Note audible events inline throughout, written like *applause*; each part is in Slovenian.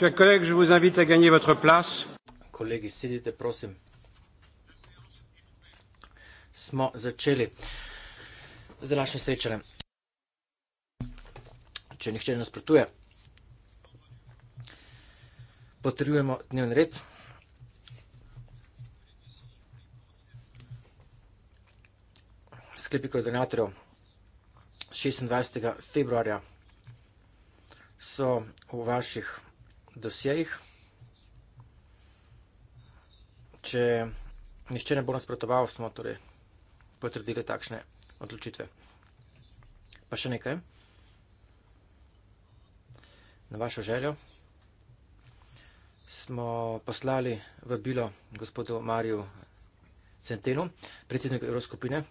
Chers collègues, je vous invite à gagner votre place. Kolegi, sedite, prosim. Smo začeli z današnjim srečanjem. Če nihče ne nasprotuje, potrjujemo dnevni red. Sklepi koordinatorjev 26. februarja so v vaših dosjejih. Če nišče ne bo nasprotoval, smo torej potrdili takšne odločitve. Pa še nekaj. Na vašo željo smo poslali vabilo gospodu Mariju Centenu, predsedniku Evroskupine,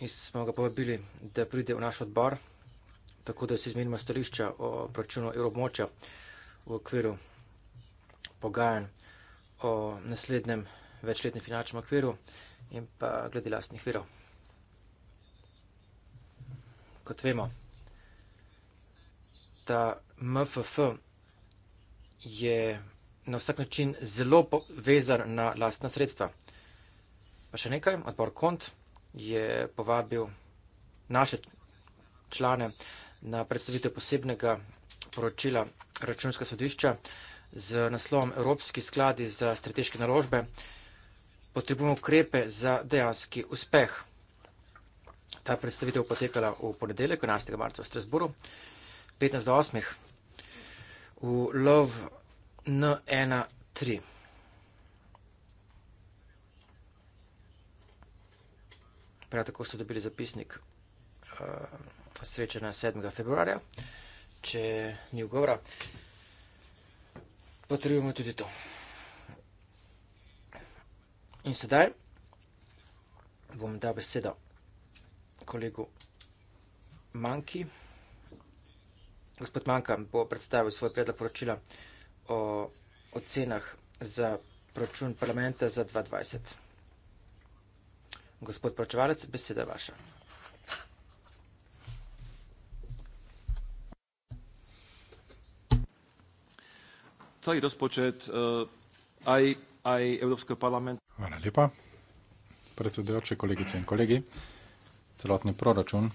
in smo ga povabili, da pride v naš odbor, tako da si izmenimo stališča o proračunu Evropmoča v okviru pogajanj o naslednjem večletnem finančnem okviru in pa glede lastnih virov. Kot vemo, ta MFF je na vsak način zelo vezan na lastna sredstva. Pa še nekaj, odbor KONT je povabil naše člane na predstavitev posebnega poročila računske sodišča z naslovom Evropski skladi za strateške naložbe potrebujemo ukrepe za dejanski uspeh. Ta predstavitev potekala v ponedeljek, 11. marca v Strasburu, 15 do 8. v lov N1.3. Prav tako ste dobili zapisnik uh, srečanja 7. februarja. Uh, če ni ugovora, potrebujemo tudi to. In sedaj bom dal besedo kolegu Manki. Gospod Manka bo predstavil svoj predlog poročila o ocenah za proračun parlamenta za 2020. Gospod poročevalec, beseda vaša. celý rozpočet eh, aj, aj Európskeho parlamentu. Hvala lepa. Predsedujoče kolegice in kolegi, celotni proračun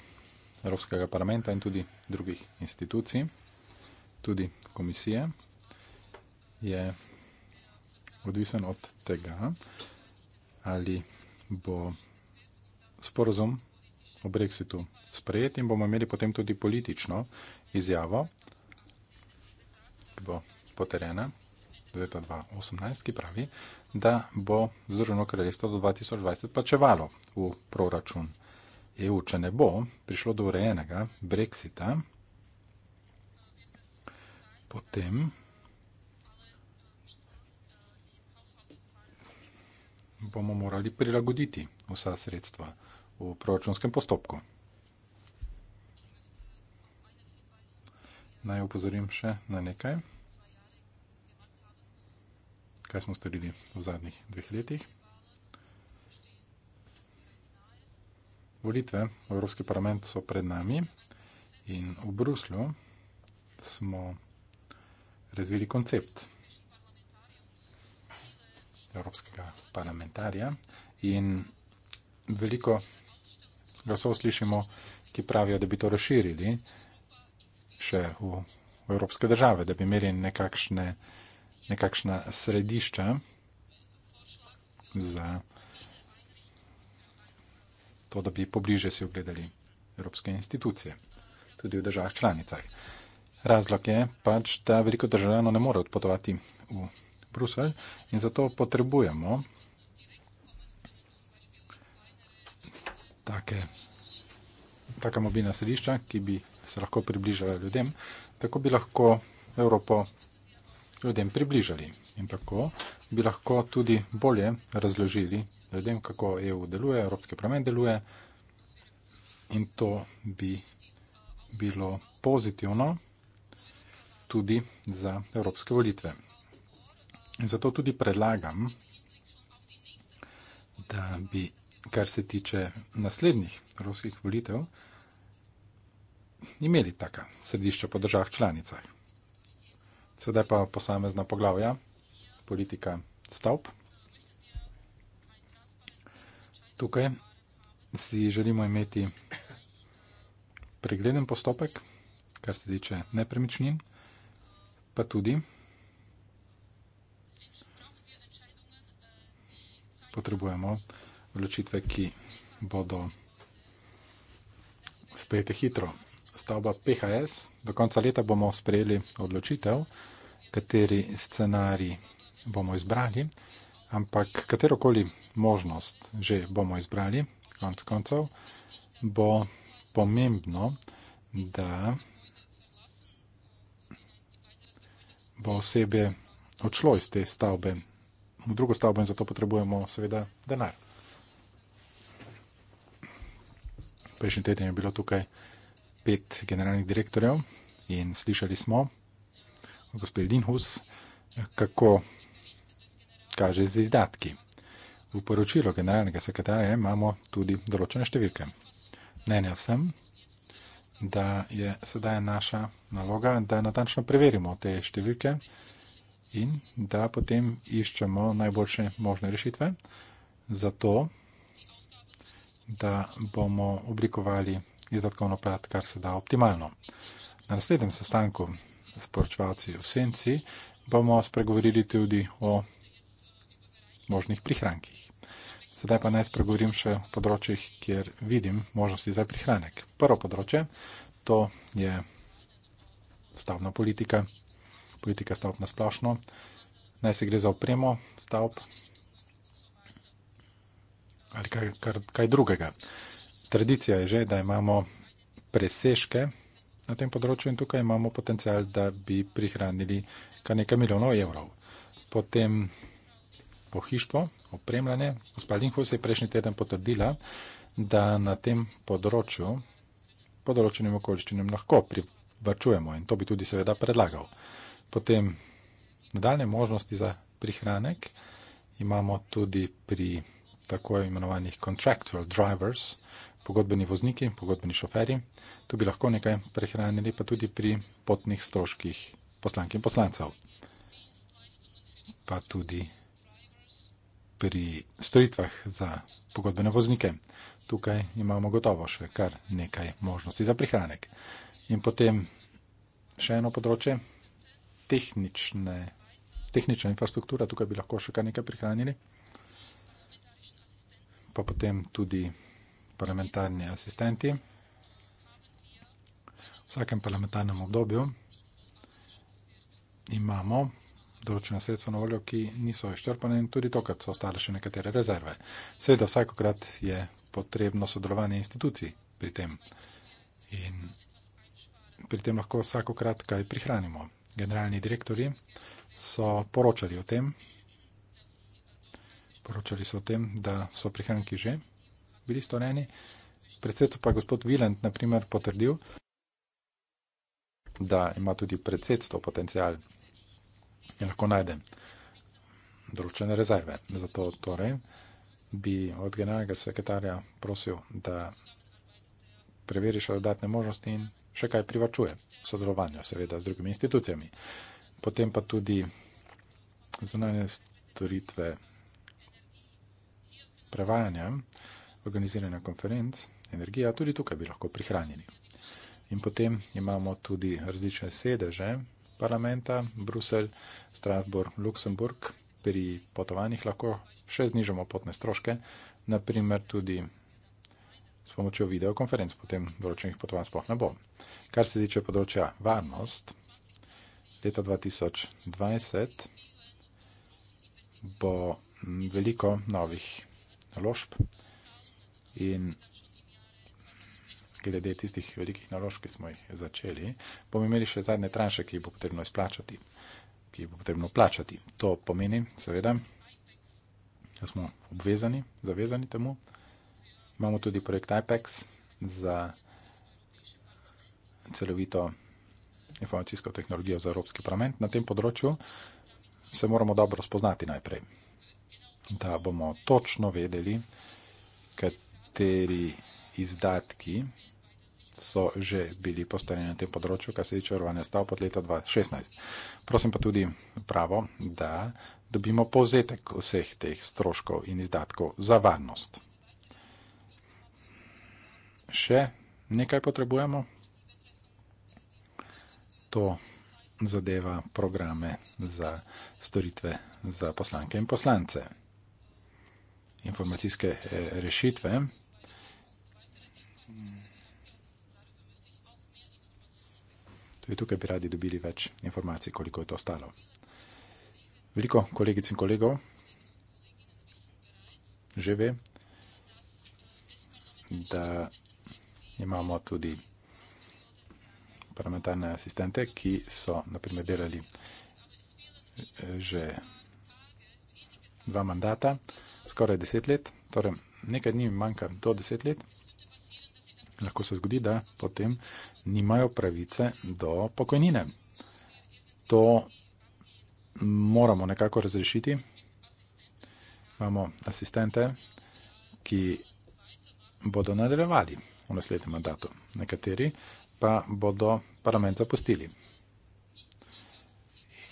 Európskeho parlamenta in tudi drugih institucij, tudi komisije, je odvisen od tega, ali bo sporozum o Brexitu sprejet in bomo imeli potem tudi politično izjavo, ki bo poterena, leta 2018, ki pravi, da bo Združeno kraljestvo do 2020 plačevalo v proračun EU, če ne bo prišlo do urejenega brexita, potem. bomo morali prilagoditi vsa sredstva v proračunskem postopku. Naj upozorim še na nekaj kaj smo storili v zadnjih dveh letih. Volitve v Evropski parlament so pred nami in v Bruslju smo razvili koncept Evropskega parlamentarja in veliko glasov slišimo, ki pravijo, da bi to razširili še v Evropske države, da bi imeli nekakšne vsega nekakšna središča za to, da bi pobliže si ogledali evropske institucije, tudi v državah članicah. Razlog je pač, da veliko državljanov ne more odpotovati v Bruselj in zato potrebujemo take, taka mobilna središča, ki bi se lahko približala ljudem, tako bi lahko Evropo ljudem približali. In tako bi lahko tudi bolje razložili ljudem, kako EU deluje, Evropski parlament deluje. In to bi bilo pozitivno tudi za evropske volitve. In zato tudi predlagam, da bi, kar se tiče naslednjih evropskih volitev, imeli taka središča po državah članicah. Sedaj pa posamezna poglavja, politika stavb. Tukaj si želimo imeti pregleden postopek, kar se tiče nepremičnin, pa tudi potrebujemo odločitve, ki bodo sprejete hitro stavba PHS. Do konca leta bomo sprejeli odločitev, kateri scenarij bomo izbrali, ampak katerokoli možnost že bomo izbrali, konc koncev, bo pomembno, da bo osebe odšlo iz te stavbe v drugo stavbo in zato potrebujemo seveda denar. Prejšnji teden je bilo tukaj pet generalnih direktorjev in slišali smo, gospod Linhus, kako kaže z izdatki. V poročilu generalnega sekretarja imamo tudi določene številke. Mnenja sem, da je sedaj naša naloga, da natančno preverimo te številke in da potem iščemo najboljše možne rešitve za to, da bomo oblikovali izdatkovno plat, kar se da optimalno. Na naslednjem sestanku s poročvalci v Senci bomo spregovorili tudi o možnih prihrankih. Sedaj pa naj spregovorim še o področjih, kjer vidim možnosti za prihranek. Prvo področje, to je stavna politika, politika stavb na splošno. Naj se gre za opremo stavb ali kaj, kar, kaj drugega. Tradicija je že, da imamo preseške na tem področju in tukaj imamo potencial, da bi prihranili kar nekaj milijonov evrov. Potem pohištvo, opremljanje. Gospa Linhus je prejšnji teden potrdila, da na tem področju po določenim okoliščinem lahko privrčujemo in to bi tudi seveda predlagal. Potem nadaljne možnosti za prihranek imamo tudi pri tako imenovanih contractual drivers, ki pogodbeni vozniki, pogodbeni šoferi. Tu bi lahko nekaj prehranili, pa tudi pri potnih stroških poslank in poslancev. Pa tudi pri storitvah za pogodbene voznike. Tukaj imamo gotovo še kar nekaj možnosti za prihranek. In potem še eno področje, tehnične, tehnična infrastruktura, tukaj bi lahko še kar nekaj prihranili, pa potem tudi parlamentarni asistenti. V vsakem parlamentarnem obdobju imamo določena sredstva na voljo, ki niso izčrpane in tudi to, kad so ostale še nekatere rezerve. Seveda vsakokrat je potrebno sodelovanje institucij pri tem in pri tem lahko vsakokrat kaj prihranimo. Generalni direktori so poročali o tem, poročali so o tem, da so prihranki že, bili storjeni. Predsedstvo pa je gospod Viland naprimer potrdil, da ima tudi predsedstvo potencijal in lahko najde določene rezerve. Zato torej bi od generalnega sekretarja prosil, da preveri še dodatne možnosti in še kaj privačuje v sodelovanju seveda z drugimi institucijami. Potem pa tudi zunanje storitve prevajanja organiziranja konferenc, energija, tudi tukaj bi lahko prihranjeni. In potem imamo tudi različne sedeže parlamenta, Bruselj, Strasbourg, Luksemburg, pri potovanjih lahko še znižamo potne stroške, naprimer tudi s pomočjo videokonferenc, potem določenih potovanj sploh ne bo. Kar se tiče področja varnost, leta 2020 bo veliko novih naložb. In glede tistih velikih naložb, ki smo jih začeli, bomo imeli še zadnje tranše, ki jih bo potrebno izplačati, ki jih bo potrebno plačati. To pomeni, seveda, da smo obvezani, zavezani temu. Imamo tudi projekt IPEX za celovito informacijsko tehnologijo za Evropski parlament. Na tem področju se moramo dobro spoznati najprej, da bomo točno vedeli, nekateri izdatki so že bili postarjeni na tem področju, kar se tiče varovanja stavb od leta 2016. Prosim pa tudi pravo, da dobimo povzetek vseh teh stroškov in izdatkov za varnost. Še nekaj potrebujemo. To zadeva programe za storitve za poslanke in poslance. Informacijske eh, rešitve. Tudi tukaj bi radi dobili več informacij, koliko je to stalo. Veliko kolegic in kolegov že ve, da imamo tudi parlamentarne asistente, ki so naprimer delali eh, že dva mandata, skoraj deset let, torej nekaj dni manjka do deset let lahko se zgodi, da potem nimajo pravice do pokojnine. To moramo nekako razrešiti. Imamo asistente, ki bodo nadaljevali v naslednjem mandatu, nekateri pa bodo parlament zapustili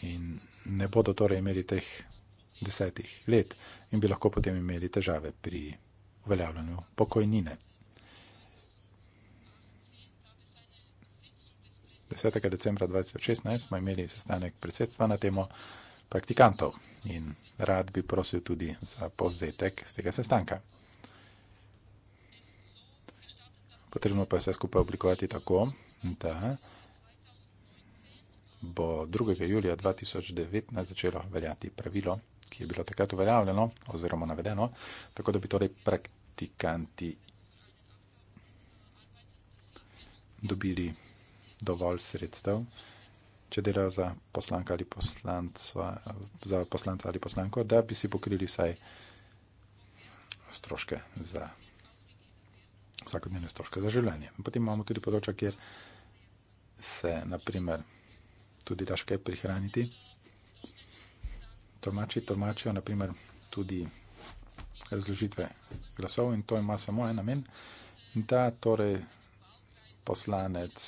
in ne bodo torej imeli teh desetih let in bi lahko potem imeli težave pri uveljavljanju pokojnine. 10. decembra 2016 smo imeli sestanek predsedstva na temo praktikantov in rad bi prosil tudi za povzetek z tega sestanka. Potrebno pa je vse skupaj oblikovati tako, da bo 2. julija 2019 začelo veljati pravilo, ki je bilo takrat uveljavljeno oziroma navedeno, tako da bi torej praktikanti dobili pravilo dovolj sredstev, če delajo za poslanka ali poslanca, za poslanca ali poslanko, da bi si pokrili vsaj stroške za vsakodnevne stroške za življenje. Potem imamo tudi področja, kjer se naprimer tudi daš kaj prihraniti. Tormači tormačijo naprimer tudi razložitve glasov in to ima samo en namen, da torej poslanec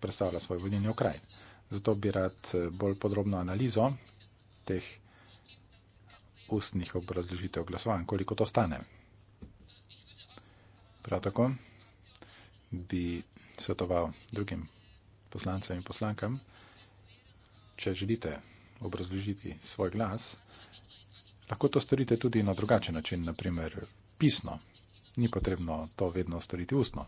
predstavlja svoj volilni okraj. Zato bi rad eh, bolj podrobno analizo teh ustnih obrazložitev glasovanj, koliko to stane. Prav tako bi svetoval drugim poslancem in poslankam, če želite obrazložiti svoj glas, lahko to storite tudi na drugačen način, naprimer pisno. Ni potrebno to vedno storiti ustno.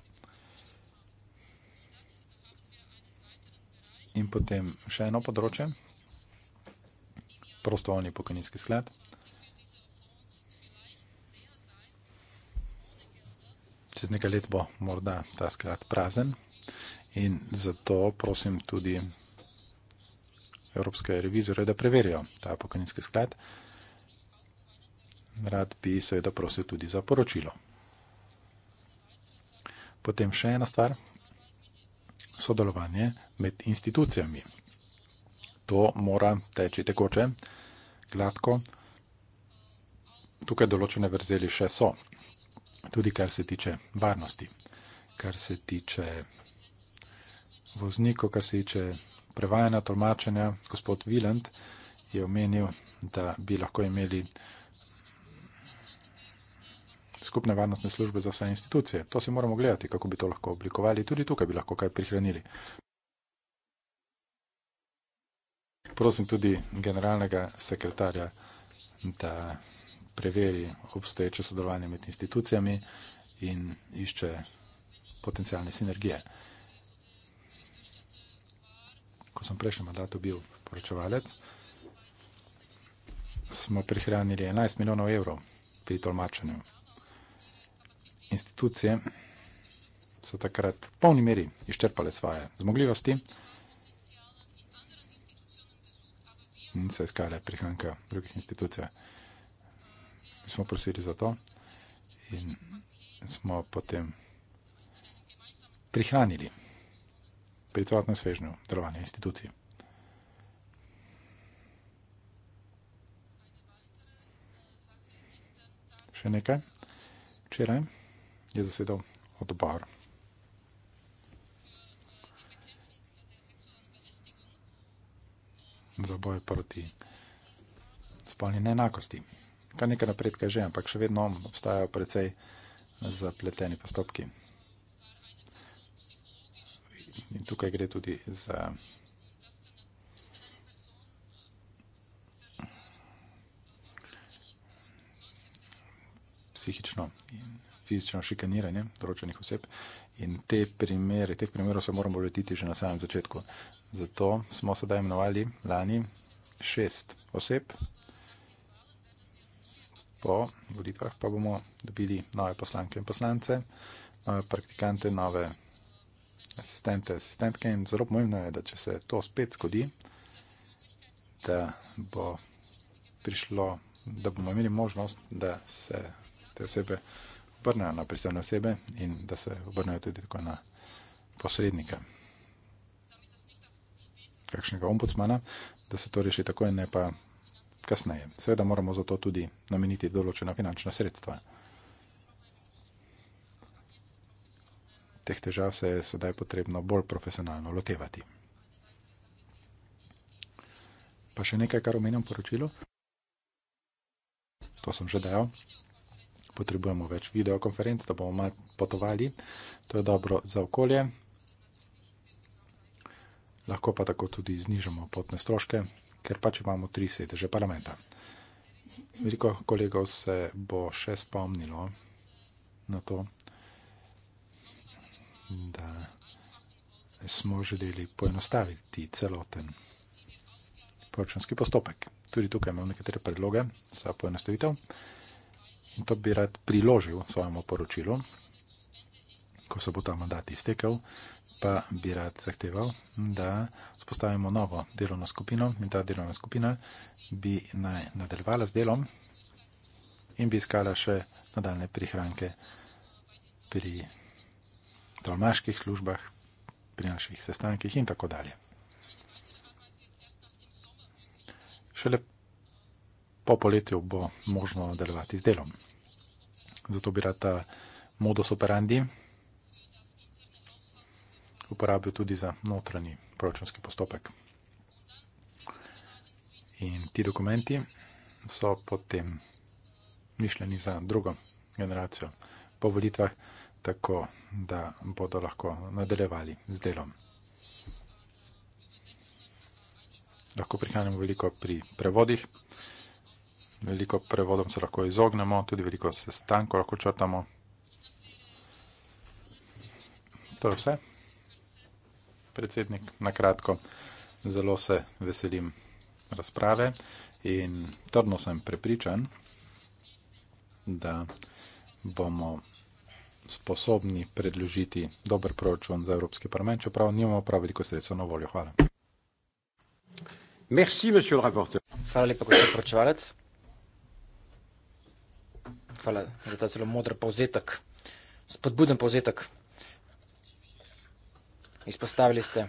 In potem še eno področje, prostovoljni pokojninski sklad. Čez nekaj let bo morda ta sklad prazen in zato prosim tudi evropske revizore, da preverijo ta pokojninski sklad. Rad bi seveda prosil tudi za poročilo. Potem še ena stvar, sodelovanje med institucijami. To mora teči tekoče, gladko. Tukaj določene vrzeli še so, tudi kar se tiče varnosti, kar se tiče voznikov, kar se tiče prevajanja, tolmačenja. Gospod Viland je omenil, da bi lahko imeli skupne varnostne službe za vse institucije. To si moramo gledati, kako bi to lahko oblikovali. Tudi tukaj bi lahko kaj prihranili prosim tudi generalnega sekretarja, da preveri obstoječe sodelovanje med institucijami in išče potencijalne sinergije. Ko sem prejšnji mandat bil poročevalec, smo prihranili 11 milijonov evrov pri tolmačenju. Institucije so takrat v polni meri izčrpale svoje zmogljivosti. niso iskale prihranka v drugih institucijah. Mi smo prosili za to in smo potem prihranili pritovatno svežnjo delovanje institucij. Še nekaj. Včeraj je zasedal odbor. za boj proti spolni neenakosti. Kar nekaj napredka je že, ampak še vedno obstajajo precej zapleteni postopki. In tukaj gre tudi za. Psihično in fizično šikaniranje določenih oseb, in te primere, teh primerov se moramo lotiti že na samem začetku, Zato smo sedaj imenovali lani šest oseb. Po volitvah pa bomo dobili nove poslanke in poslance, nove praktikante, nove asistente, asistentke in zelo pomembno je, da če se to spet zgodi, da bo prišlo, da bomo imeli možnost, da se te osebe obrnejo na pristojne osebe in da se obrnejo tudi tako na posrednika kakšnega ombudsmana, da se to reši takoj, ne pa kasneje. Seveda moramo za to tudi nameniti določena finančna sredstva. Teh težav se je sedaj potrebno bolj profesionalno lotevati. Pa še nekaj, kar omenjam poročilo. To sem že dejal. Potrebujemo več videokonferenc, da bomo malo potovali. To je dobro za okolje, lahko pa tako tudi znižamo potne stroške, ker pač imamo tri sedeže parlamenta. Veliko kolegov se bo še spomnilo na to, da smo želeli poenostaviti celoten poročanski postopek. Tudi tukaj imam nekatere predloge za poenostavitev in to bi rad priložil svojemu poročilu, ko se bo ta mandat iztekel pa bi rad zahteval, da spostavimo novo delovno skupino in ta delovna skupina bi naj nadaljevala z delom in bi iskala še nadaljne prihranke pri tolmaških službah, pri naših sestankih in tako dalje. Šele po poletju bo možno nadaljevati z delom. Zato bi rad ta modus operandi, uporabil tudi za notranji proračunski postopek. In ti dokumenti so potem mišljeni za drugo generacijo po volitvah, tako da bodo lahko nadaljevali z delom. Lahko prihranimo veliko pri prevodih, veliko prevodom se lahko izognemo, tudi veliko sestankov lahko črtamo. To je vse predsednik, na kratko. Zelo se veselim razprave in trdno sem prepričan, da bomo sposobni predložiti dober proračun za Evropski parlament, čeprav nimamo prav veliko sredstva na voljo. Hvala. Merci, Hvala lepa, gospod poročevalec. Hvala za ta zelo modr povzetek, spodbuden povzetek izpostavili ste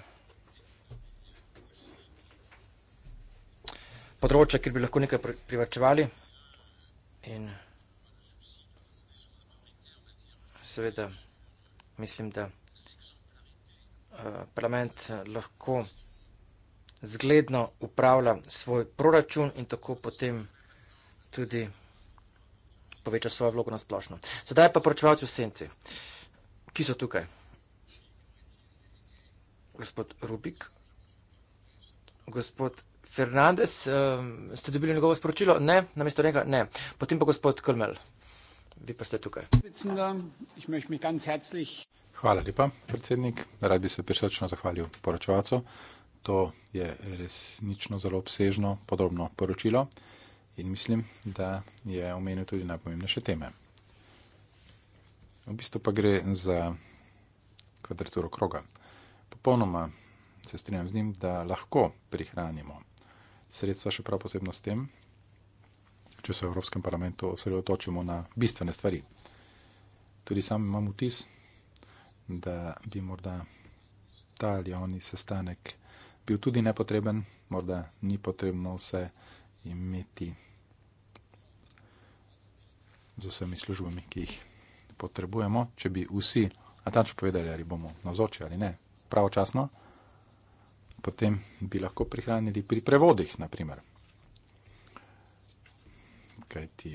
področje, kjer bi lahko nekaj privrčevali in seveda mislim, da eh, parlament lahko zgledno upravlja svoj proračun in tako potem tudi poveča svojo vlogo na splošno. Sedaj pa poročevalci v senci, ki so tukaj gospod Rubik. Gospod Fernandez, ehm, ste dobili njegovo sporočilo? Ne, na mesto njega ne. Potem pa gospod Krmel. Vi pa ste tukaj. Hvala lepa, predsednik. Rad bi se prisrčno zahvalil poročevalcu. To je resnično zelo obsežno, podrobno poročilo in mislim, da je omenil tudi najpomembnejše teme. V bistvu pa gre za kvadraturo kroga popolnoma se strinjam z njim, da lahko prihranimo sredstva, še prav posebno s tem, če se v Evropskem parlamentu osredotočimo na bistvene stvari. Tudi sam imam vtis, da bi morda ta ali oni sestanek bil tudi nepotreben, morda ni potrebno vse imeti z vsemi službami, ki jih potrebujemo, če bi vsi natančno povedali, ali bomo nazočili ali ne, pravočasno, potem bi lahko prihranili pri prevodih, naprimer. Kaj ti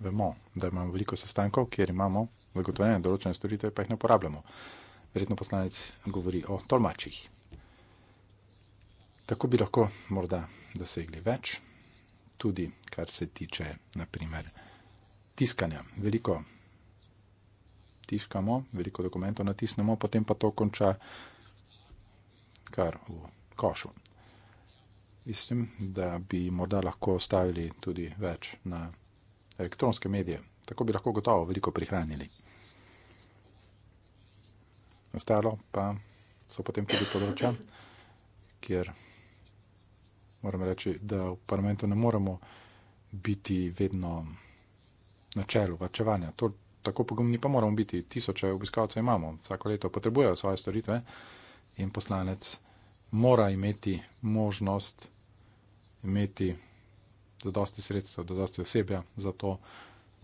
vemo, da imamo veliko sestankov, kjer imamo zagotovljene določene storitve, pa jih ne uporabljamo. Verjetno poslanec govori o tolmačih. Tako bi lahko morda dosegli več, tudi kar se tiče, naprimer, tiskanja. Veliko tiskamo, veliko dokumentov natisnemo, potem pa to konča kar v košu. Mislim, da bi morda lahko ostavili tudi več na elektronske medije. Tako bi lahko gotovo veliko prihranili. Ostalo pa so potem tudi področja, kjer moram reči, da v parlamentu ne moremo biti vedno na čelu vrčevanja. To, tako pogumni pa moramo biti. Tisoče obiskovalcev imamo, vsako leto potrebujejo svoje storitve in poslanec mora imeti možnost imeti zadosti sredstva, zadosti osebja, zato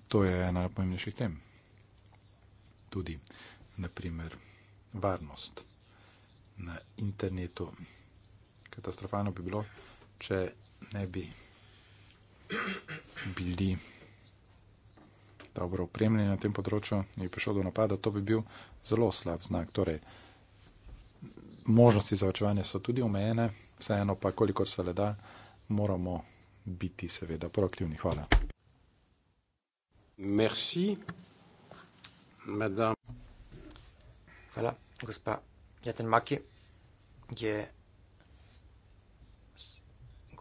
to je ena najpomembnejših tem. Tudi, naprimer, varnost na internetu. Katastrofano bi bilo, če ne bi bili dobro opremljeni na tem področju in prišel do napada, to bi bil zelo slab znak. Torej, možnosti za očevanje so tudi omejene, vseeno pa, kolikor se le da, moramo biti seveda proaktivni. Hvala. Merci, madame. Hvala, gospa Jatenmaki. Je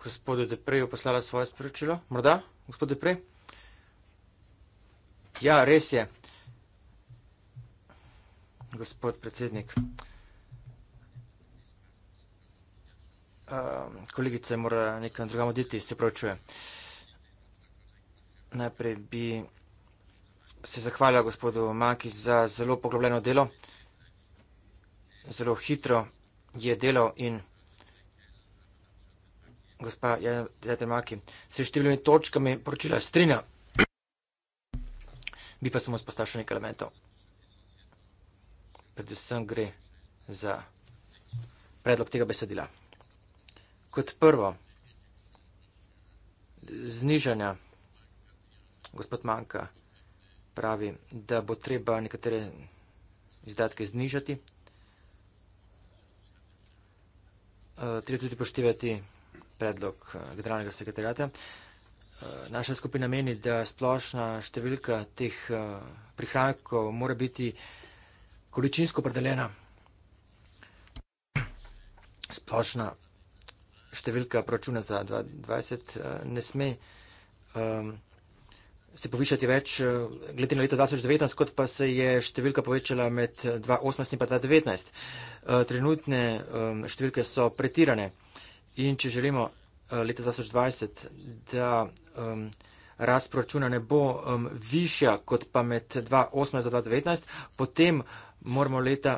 gospodu Deprejo poslala svoje sporočilo? Morda, gospod Deprej? Ja, res je, gospod predsednik. Uh, ehm, kolegica mora nekam drugam oditi, se pravčuje. Najprej bi se zahvalil gospodu Maki za zelo poglobljeno delo. Zelo hitro je delal in gospa Jadr Maki se številnimi točkami poročila strina bi pa samo izpostavil še nekaj elementov. Predvsem gre za predlog tega besedila. Kot prvo, znižanja, gospod Manka pravi, da bo treba nekatere izdatke znižati. Uh, treba tudi poštevati predlog eh, generalnega sekretarjata. Uh, Naša skupina meni, da splošna številka teh eh, prihrankov mora biti količinsko predeljena. Splošna številka proračuna za 2020 eh, ne sme ehm, se povišati več eh, glede na leto 2019, kot pa se je številka povečala med 2018 in 2019. Trenutne ehm, številke so pretirane in če želimo Eh, leta 2020, da um, rast proračuna ne bo um, višja kot pa med 2018 in 2019, potem moramo leta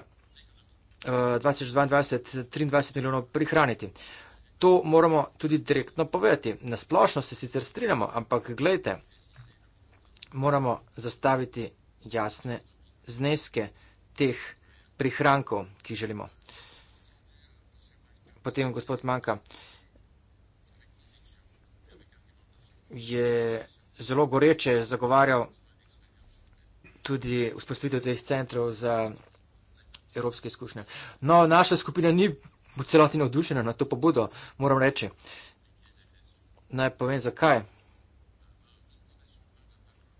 uh, eh, 2022-2023 milijonov prihraniti. To moramo tudi direktno povedati. Nasplošno se sicer strinjamo, ampak gledajte, moramo zastaviti jasne zneske teh prihrankov, ki želimo. Potem gospod Manka. Uh, je zelo goreče zagovarjal tudi vzpostavitev teh centrov za evropske izkušnje. No, naša skupina ni v celoti navdušena na to pobudo, moram reči. Naj povem, zakaj.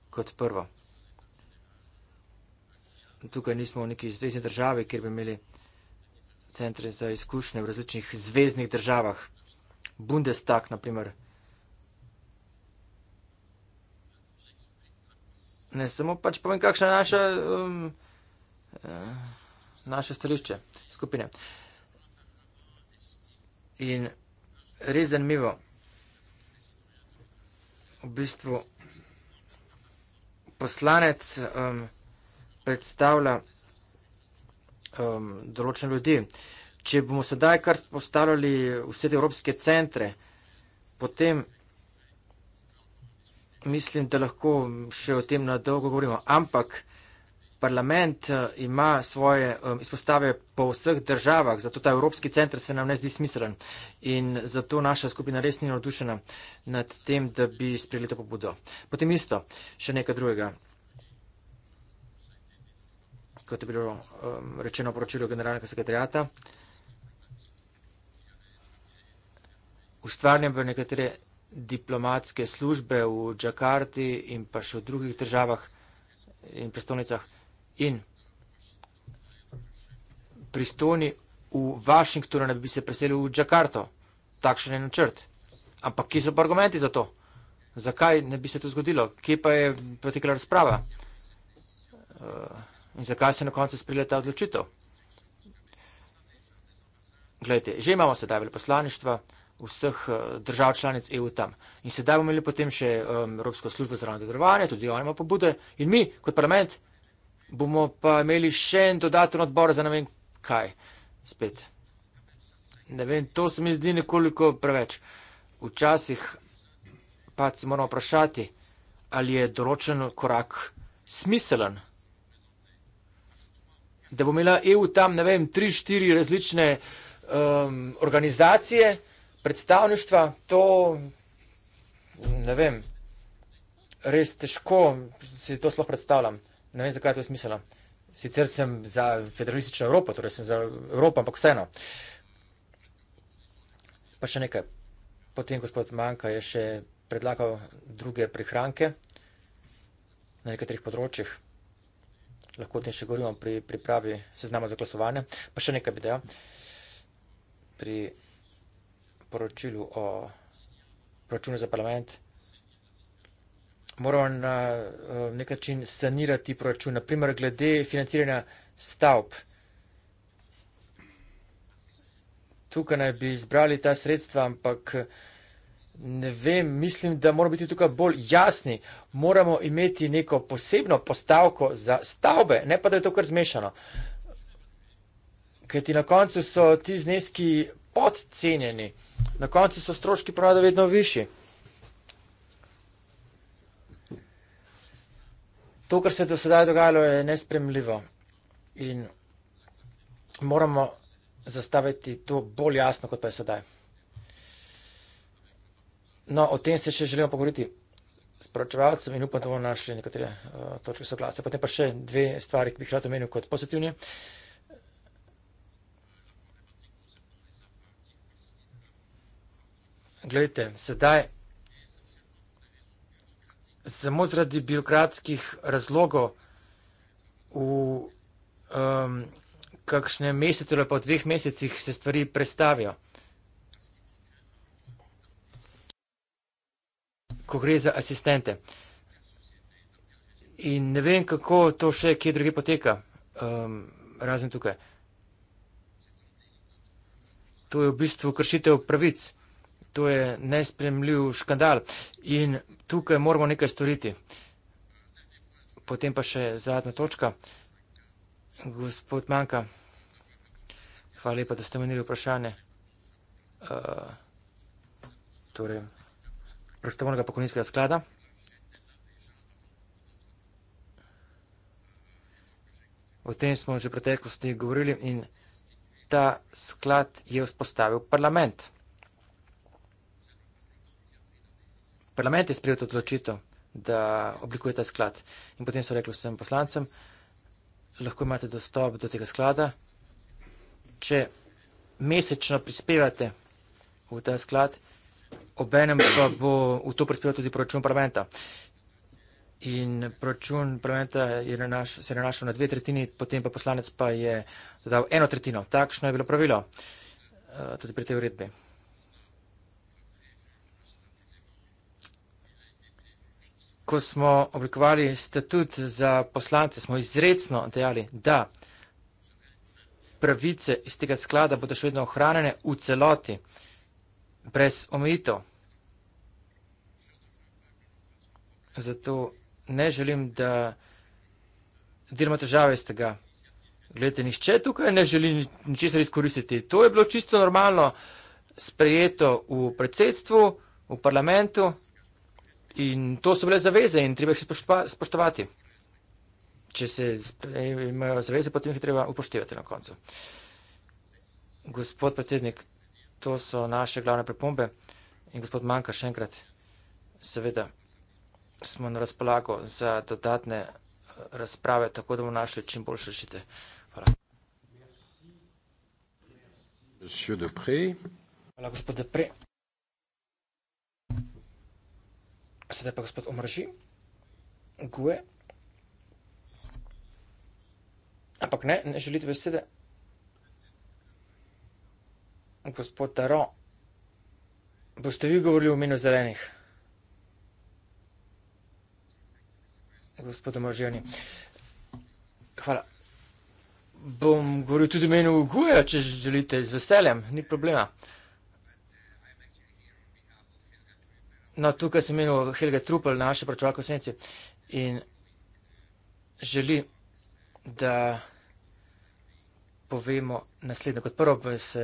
Kot prvo. Tukaj nismo v neki zvezdni državi, kjer bi imeli centre za izkušnje v različnih zvezdnih državah. Bundestag, na primer, Ne samo pač povem, kakšno je naše, um, eh, naše stališče, skupine. In res zanimivo, v bistvu poslanec um, predstavlja um, določene ljudi. Če bomo sedaj kar postavljali vse te evropske centre, potem mislim, da lahko še o tem na dolgo govorimo, ampak parlament eh, ima svoje eh, izpostave po vseh državah, zato ta Evropski centr se nam ne zdi smiselen in zato naša skupina res ni navdušena nad tem, da bi sprejeli to pobudo. Potem isto, še nekaj drugega. Kot je bilo um, rečeno v poročilu generalnega sekretarjata, ustvarjam pa nekatere diplomatske službe v Džakarti in pa še v drugih državah in prestolnicah. In pristojni v Vašingtonu ne bi se preselil v Džakarto. Takšen je načrt. Ampak kje so pa argumenti za to? Zakaj ne bi se to zgodilo? Kje pa je potekla razprava? Eh, in zakaj se na koncu sprile ta odločitev? Gledajte, že imamo sedaj veleposlaništva, vseh eh, držav članic EU tam. In sedaj bomo imeli potem še um, Evropsko službo za ravno delovanje, tudi oni imajo pobude in mi kot parlament bomo pa imeli še en dodaten odbor za ne vem kaj. Spet. Ne vem, to se mi zdi nekoliko preveč. Včasih pa se moramo vprašati, ali je določen korak smiselen. Da bo imela EU tam, ne vem, tri, štiri različne um, organizacije, predstavništva, to ne vem, res težko si to sploh predstavljam. Ne vem, zakaj je to smiselno. Sicer sem za federalistično Evropo, torej sem za Evropo, ampak vseeno. Pa še nekaj. Potem gospod Manka je še predlagal druge prihranke na nekaterih področjih. Lahko o tem še govorimo pri pripravi seznama za glasovanje. Pa še nekaj bi dejal. Pri poročilu o proračunu za parlament. Moramo na eh, nek način sanirati proračun, naprimer glede financiranja stavb. Tukaj naj bi izbrali ta sredstva, ampak ne vem, mislim, da moramo biti tukaj bolj jasni. Moramo imeti neko posebno postavko za stavbe, ne pa da je to kar zmešano. Ker ti na koncu so ti zneski podcenjeni. Na koncu so stroški prodaje vedno višji. To, kar se je do sedaj dogajalo, je nespremljivo in moramo zastaviti to bolj jasno, kot pa je sedaj. No, o tem se še želimo pogovoriti s poročevalcem in upam, da bomo našli nekatere uh, točke soglasja. Potem pa še dve stvari, ki bi jih rad omenil kot pozitivni. Uh, Glejte, sedaj samo zaradi birokratskih razlogov v um, kakšnem mesecu ali pa v dveh mesecih se stvari prestavijo. Ko gre za asistente. In ne vem, kako to še kje druge poteka, um, razen tukaj. To je v bistvu kršitev pravic. To je nespremljiv škandal in tukaj moramo nekaj storiti. Potem pa še zadnja točka. Gospod Manka, hvala lepa, da ste menili vprašanje. Uh, torej, prostovoljnega pokojninskega sklada. O tem smo že v preteklosti govorili in ta sklad je vzpostavil parlament. parlament je sprejel to odločitev, da oblikuje ta sklad. In potem so rekli vsem poslancem, lahko imate dostop do tega sklada, če mesečno prispevate v ta sklad, obenem pa bo v to prispeval tudi proračun parlamenta. In proračun parlamenta je nanaš, se je nanašal na dve tretjini, potem pa poslanec pa je dodal eno tretjino. Takšno je bilo pravilo eh, tudi pri tej uredbi. ko smo oblikovali statut za poslance, smo izredno dejali, da pravice iz tega sklada bodo še vedno ohranjene v celoti, brez omejitev. Zato ne želim, da delamo težave iz tega. Glede, nišče tukaj ne želi ničesar izkoristiti. To je bilo čisto normalno sprejeto v predsedstvu, v parlamentu. In to so bile zaveze in treba jih spoštovati. Če se imajo zaveze, potem jih treba upoštevati na koncu. Gospod predsednik, to so naše glavne pripombe in gospod Manka še enkrat, seveda, smo na razpolago za dodatne eh, razprave, tako da bomo našli čim boljše rešite. Hvala. Hvala, gospod Depre. Sedaj pa gospod omrži, guje. Ampak ne, ne želite besede. Gospod Taro, boste vi govorili v imenu zelenih? Gospod omrženi. Hvala. Bom govoril tudi v imenu guje, če želite, z veseljem, ni problema. No, tukaj sem imel Helge Trupel, naš pročovak v senci. In želi, da povemo naslednje. Kot prvo bi se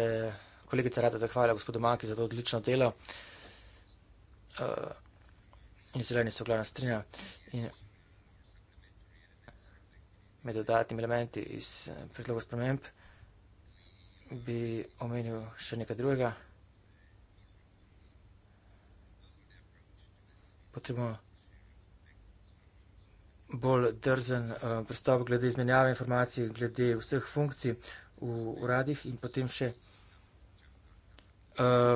kolegica rada zahvala gospodu Maki za to odlično delo. Uh, in zeleni so glavna strinja. In med dodatnimi elementi iz predloga sprememb bi omenil še nekaj drugega. potrebno bolj drzen uh, pristop glede izmenjave informacij, glede vseh funkcij v uradih in potem še uh,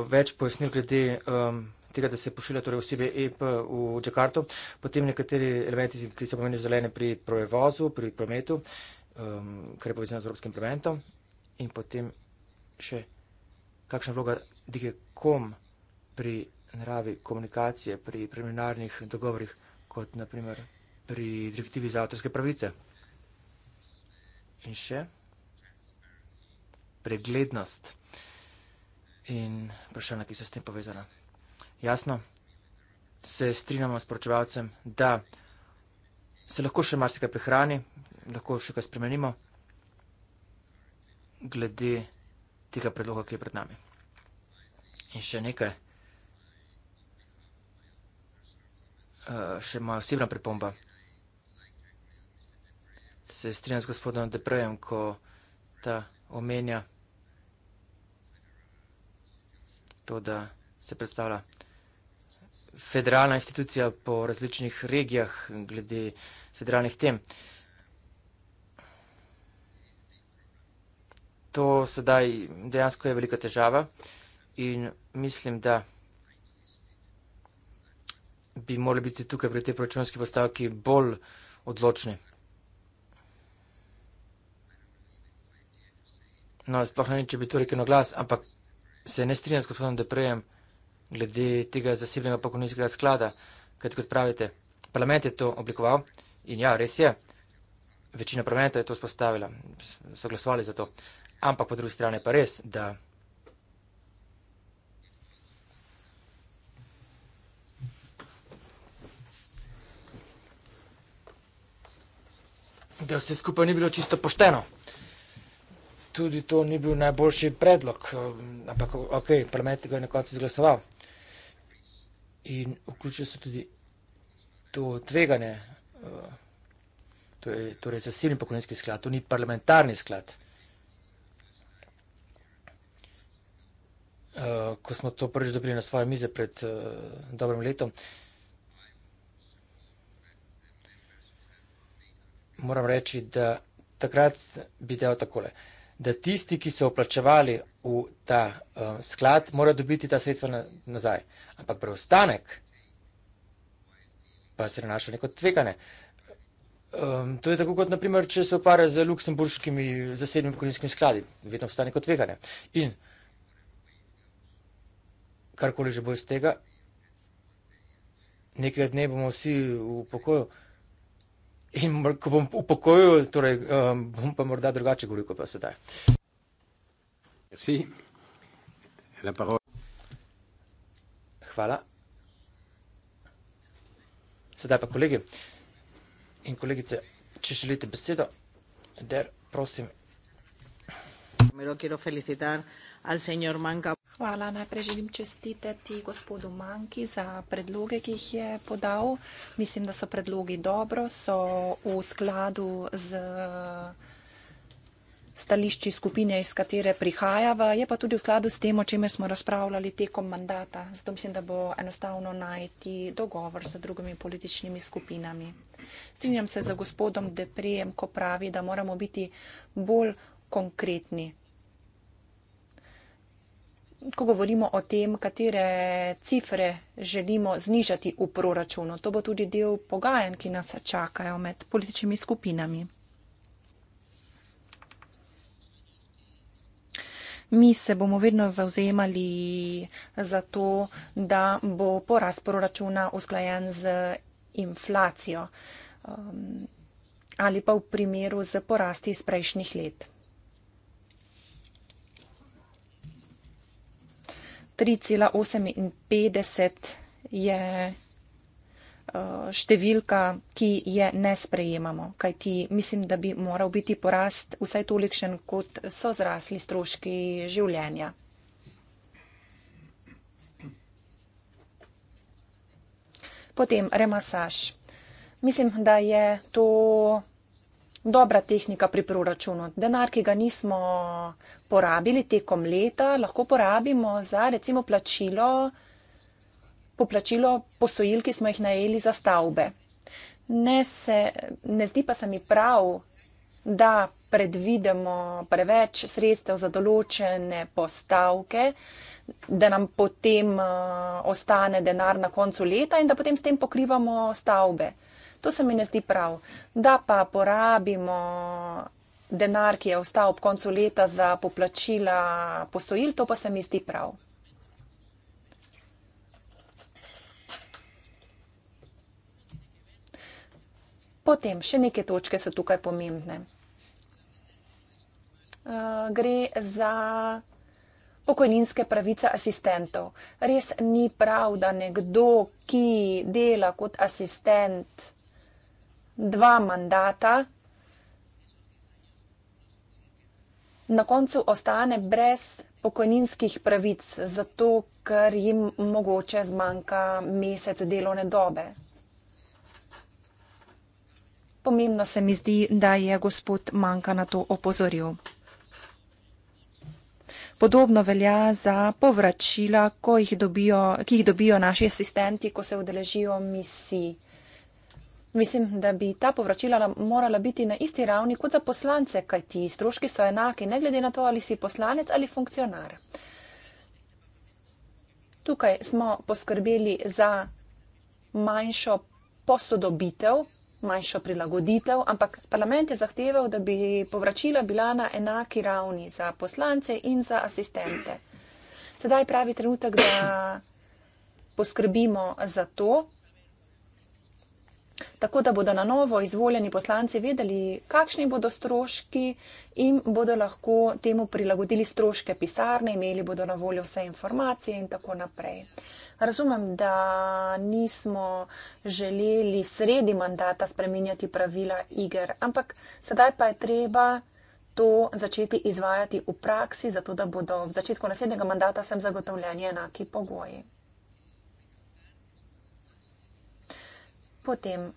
več pojasnil glede um, tega, da se pošilja torej osebe EP v Džakarto, potem nekateri elementi, ki so pomeni zelene pri prevozu, pri prometu, um, kar je povezano z evropskim implementom in potem še kakšna vloga DigiCom pri naravi komunikacije pri preliminarnih dogovorih, kot naprimer pri direktivi za avtorske pravice. In še preglednost in vprašanja, ki so s tem povezana. Jasno, se strinjamo s poročevalcem, da se lahko še marsikaj prihrani, lahko še kaj spremenimo glede tega predloga, ki je pred nami. In še nekaj. Eh, še moja osebna pripomba. Se strinjam z gospodom Deprejem, ko ta omenja to, da se predstavlja federalna institucija po različnih regijah glede federalnih tem. To sedaj dejansko je velika težava in mislim, da bi morali biti tukaj pri tej proračunski postavki bolj odločni. No, sploh ne vem, če bi to rekel na glas, ampak se ne strinjam s gospodom Deprejem glede tega zasebnega pokojninskega sklada, kajti kot pravite, parlament je to oblikoval in ja, res je, večina parlamenta je to spostavila, so glasovali za to. Ampak po drugi strani pa res, da da vse skupaj ni bilo čisto pošteno. Tudi to ni bil najboljši predlog, eh, ampak ok, parlament ga je na koncu izglasoval. In vključili so tudi to tveganje, eh, to je, torej zasilni pokojninski sklad, to ni parlamentarni sklad. Eh, ko smo to prvič dobili na svoje mize pred dobrim letom, moram reči, da takrat bi dejal takole, da tisti, ki so oplačevali v ta uh, sklad, mora dobiti ta sredstva na, nazaj. Ampak preostanek pa se nanaša neko tvegane. Um, to je tako kot, naprimer, če se ukvarja z luksemburškimi zasebnimi pokojninskimi skladi, vedno obstane neko tvegane. In karkoli že bo iz tega, nekega dne bomo vsi v pokoju. In ko bom v pokoju, torej, um, bom pa morda drugače govoril, kot pa sedaj. Hvala. Sedaj pa kolegi in kolegice, če želite besedo, der, prosim. Primero quiero felicitar al señor Manca. Hvala. Najprej želim čestitati gospodu Manki za predloge, ki jih je podal. Mislim, da so predlogi dobro, so v skladu z stališči skupine, iz katere prihajava, je pa tudi v skladu s tem, o čemer smo razpravljali tekom mandata. Zato mislim, da bo enostavno najti dogovor z drugimi političnimi skupinami. Strinjam se za gospodom Deprejem, ko pravi, da moramo biti bolj konkretni ko govorimo o tem, katere cifre želimo znižati v proračunu. To bo tudi del pogajanj, ki nas čakajo med političnimi skupinami. Mi se bomo vedno zauzemali za to, da bo porast proračuna usklajen z inflacijo um, ali pa v primeru z porasti iz prejšnjih let. 3,58 je eh, številka, ki je ne sprejemamo, kajti mislim, da bi moral biti porast vsaj tolikšen, kot so zrasli stroški življenja. Potem remasaž. Mislim, da je to dobra tehnika pri proračunu. Denar, ki ga nismo porabili tekom leta, lahko porabimo za recimo plačilo, poplačilo posojil, ki smo jih najeli za stavbe. Ne, se, ne zdi pa se mi prav, da predvidemo preveč sredstev za določene postavke, da nam potem uh, ostane denar na koncu leta in da potem s tem pokrivamo stavbe. To se mi ne zdi prav. Da pa porabimo denar, ki je ostal ob koncu leta za poplačila posojil, to pa se mi zdi prav. Potem še neke točke so tukaj pomembne. Uh, gre za pokojninske pravice asistentov. Res ni prav, da nekdo, ki dela kot asistent, uh, dva mandata, na koncu ostane brez pokojninskih pravic, zato ker jim mogoče zmanjka mesec delovne dobe. Pomembno se mi zdi, da je gospod Manka na to opozoril. Podobno velja za povračila, ki jih dobijo naši asistenti, ko se udeležijo misij. Mislim, da bi ta povračila morala biti na isti ravni kot za poslance, kaj ti stroški so enaki, ne glede na to, ali si poslanec ali funkcionar. Tukaj smo poskrbeli za manjšo posodobitev, manjšo prilagoditev, ampak parlament je zahteval, da bi povračila bila na enaki ravni za poslance in za asistente. Sedaj pravi trenutek, da poskrbimo za to, tako da bodo na novo izvoljeni poslanci vedeli, kakšni bodo stroški in bodo lahko temu prilagodili stroške pisarne, imeli bodo na voljo vse informacije in tako naprej. Razumem, da nismo želeli sredi mandata spreminjati pravila iger, ampak sedaj pa je treba to začeti izvajati v praksi, zato da bodo v začetku naslednjega mandata sem zagotovljeni enaki pogoji. potem.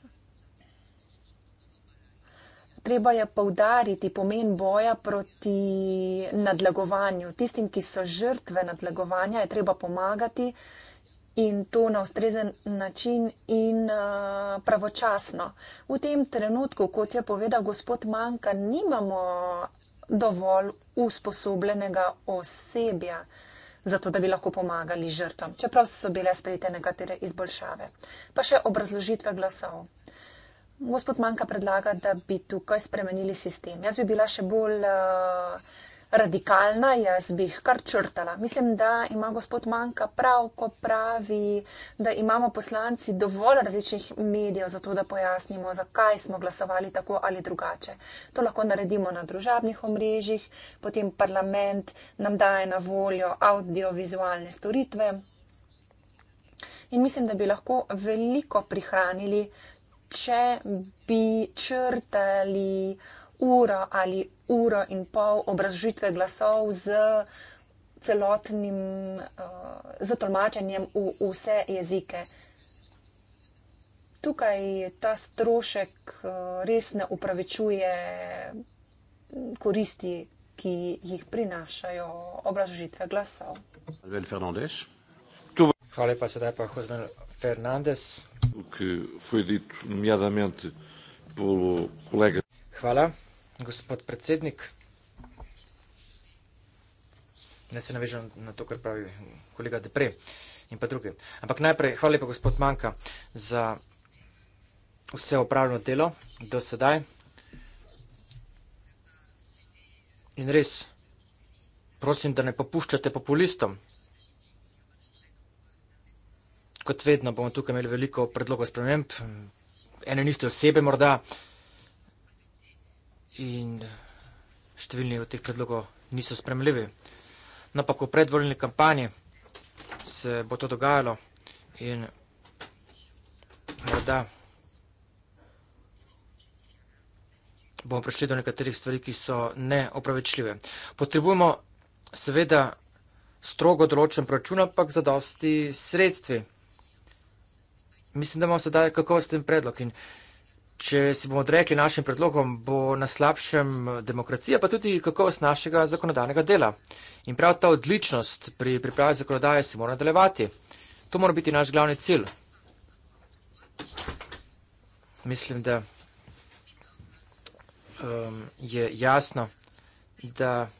Treba je povdariti pomen boja proti nadlegovanju. Tistim, ki so žrtve nadlegovanja, je treba pomagati in to na ustrezen način in uh, pravočasno. V tem trenutku, kot je povedal gospod Manka, nimamo dovolj usposobljenega osebja zato da bi lahko pomagali žrtvam, čeprav so bile sprejete nekatere izboljšave. Pa še obrazložitve glasov. Gospod Manka predlaga, da bi tukaj spremenili sistem. Jaz bi bila še bolj. Uh, radikalna, jaz bi jih kar črtala. Mislim, da ima gospod Manka prav, ko pravi, da imamo poslanci dovolj različnih medijev za to, da pojasnimo, zakaj smo glasovali tako ali drugače. To lahko naredimo na družabnih omrežjih, potem parlament nam daje na voljo audiovizualne storitve. In mislim, da bi lahko veliko prihranili, če bi črtali uro ali uro in pol obrazložitve glasov z celotnim uh, eh, zatolmačenjem v, v vse jezike. Tukaj ta strošek uh, res ne upravičuje koristi, ki jih prinašajo obrazložitve glasov. Hvala lepa, sedaj pa Hosner Fernandez. Hvala gospod predsednik. Ne se navežem na to, kar pravi kolega Depre in pa druge. Ampak najprej hvala lepa gospod Manka za vse opravljeno delo do sedaj. In res, prosim, da ne popuščate populistom. Kot vedno bomo tukaj imeli veliko predlogov sprememb, ene niste osebe morda, in številni od teh predlogov niso spremljivi. No, pa v predvoljni kampanji se bo to dogajalo in morda bomo prišli do nekaterih stvari, ki so neopravičljive. Potrebujemo seveda strogo določen proračun, ampak za dosti sredstvi. Mislim, da imamo sedaj kakovosten predlog in Če si bomo odrekli našim predlogom, bo na slabšem eh, demokracija, pa tudi kakovost našega zakonodajnega dela. In prav ta odličnost pri pripravi zakonodaje se mora nadaljevati. To mora biti naš glavni cilj. Mislim, da um, je jasno, da uh,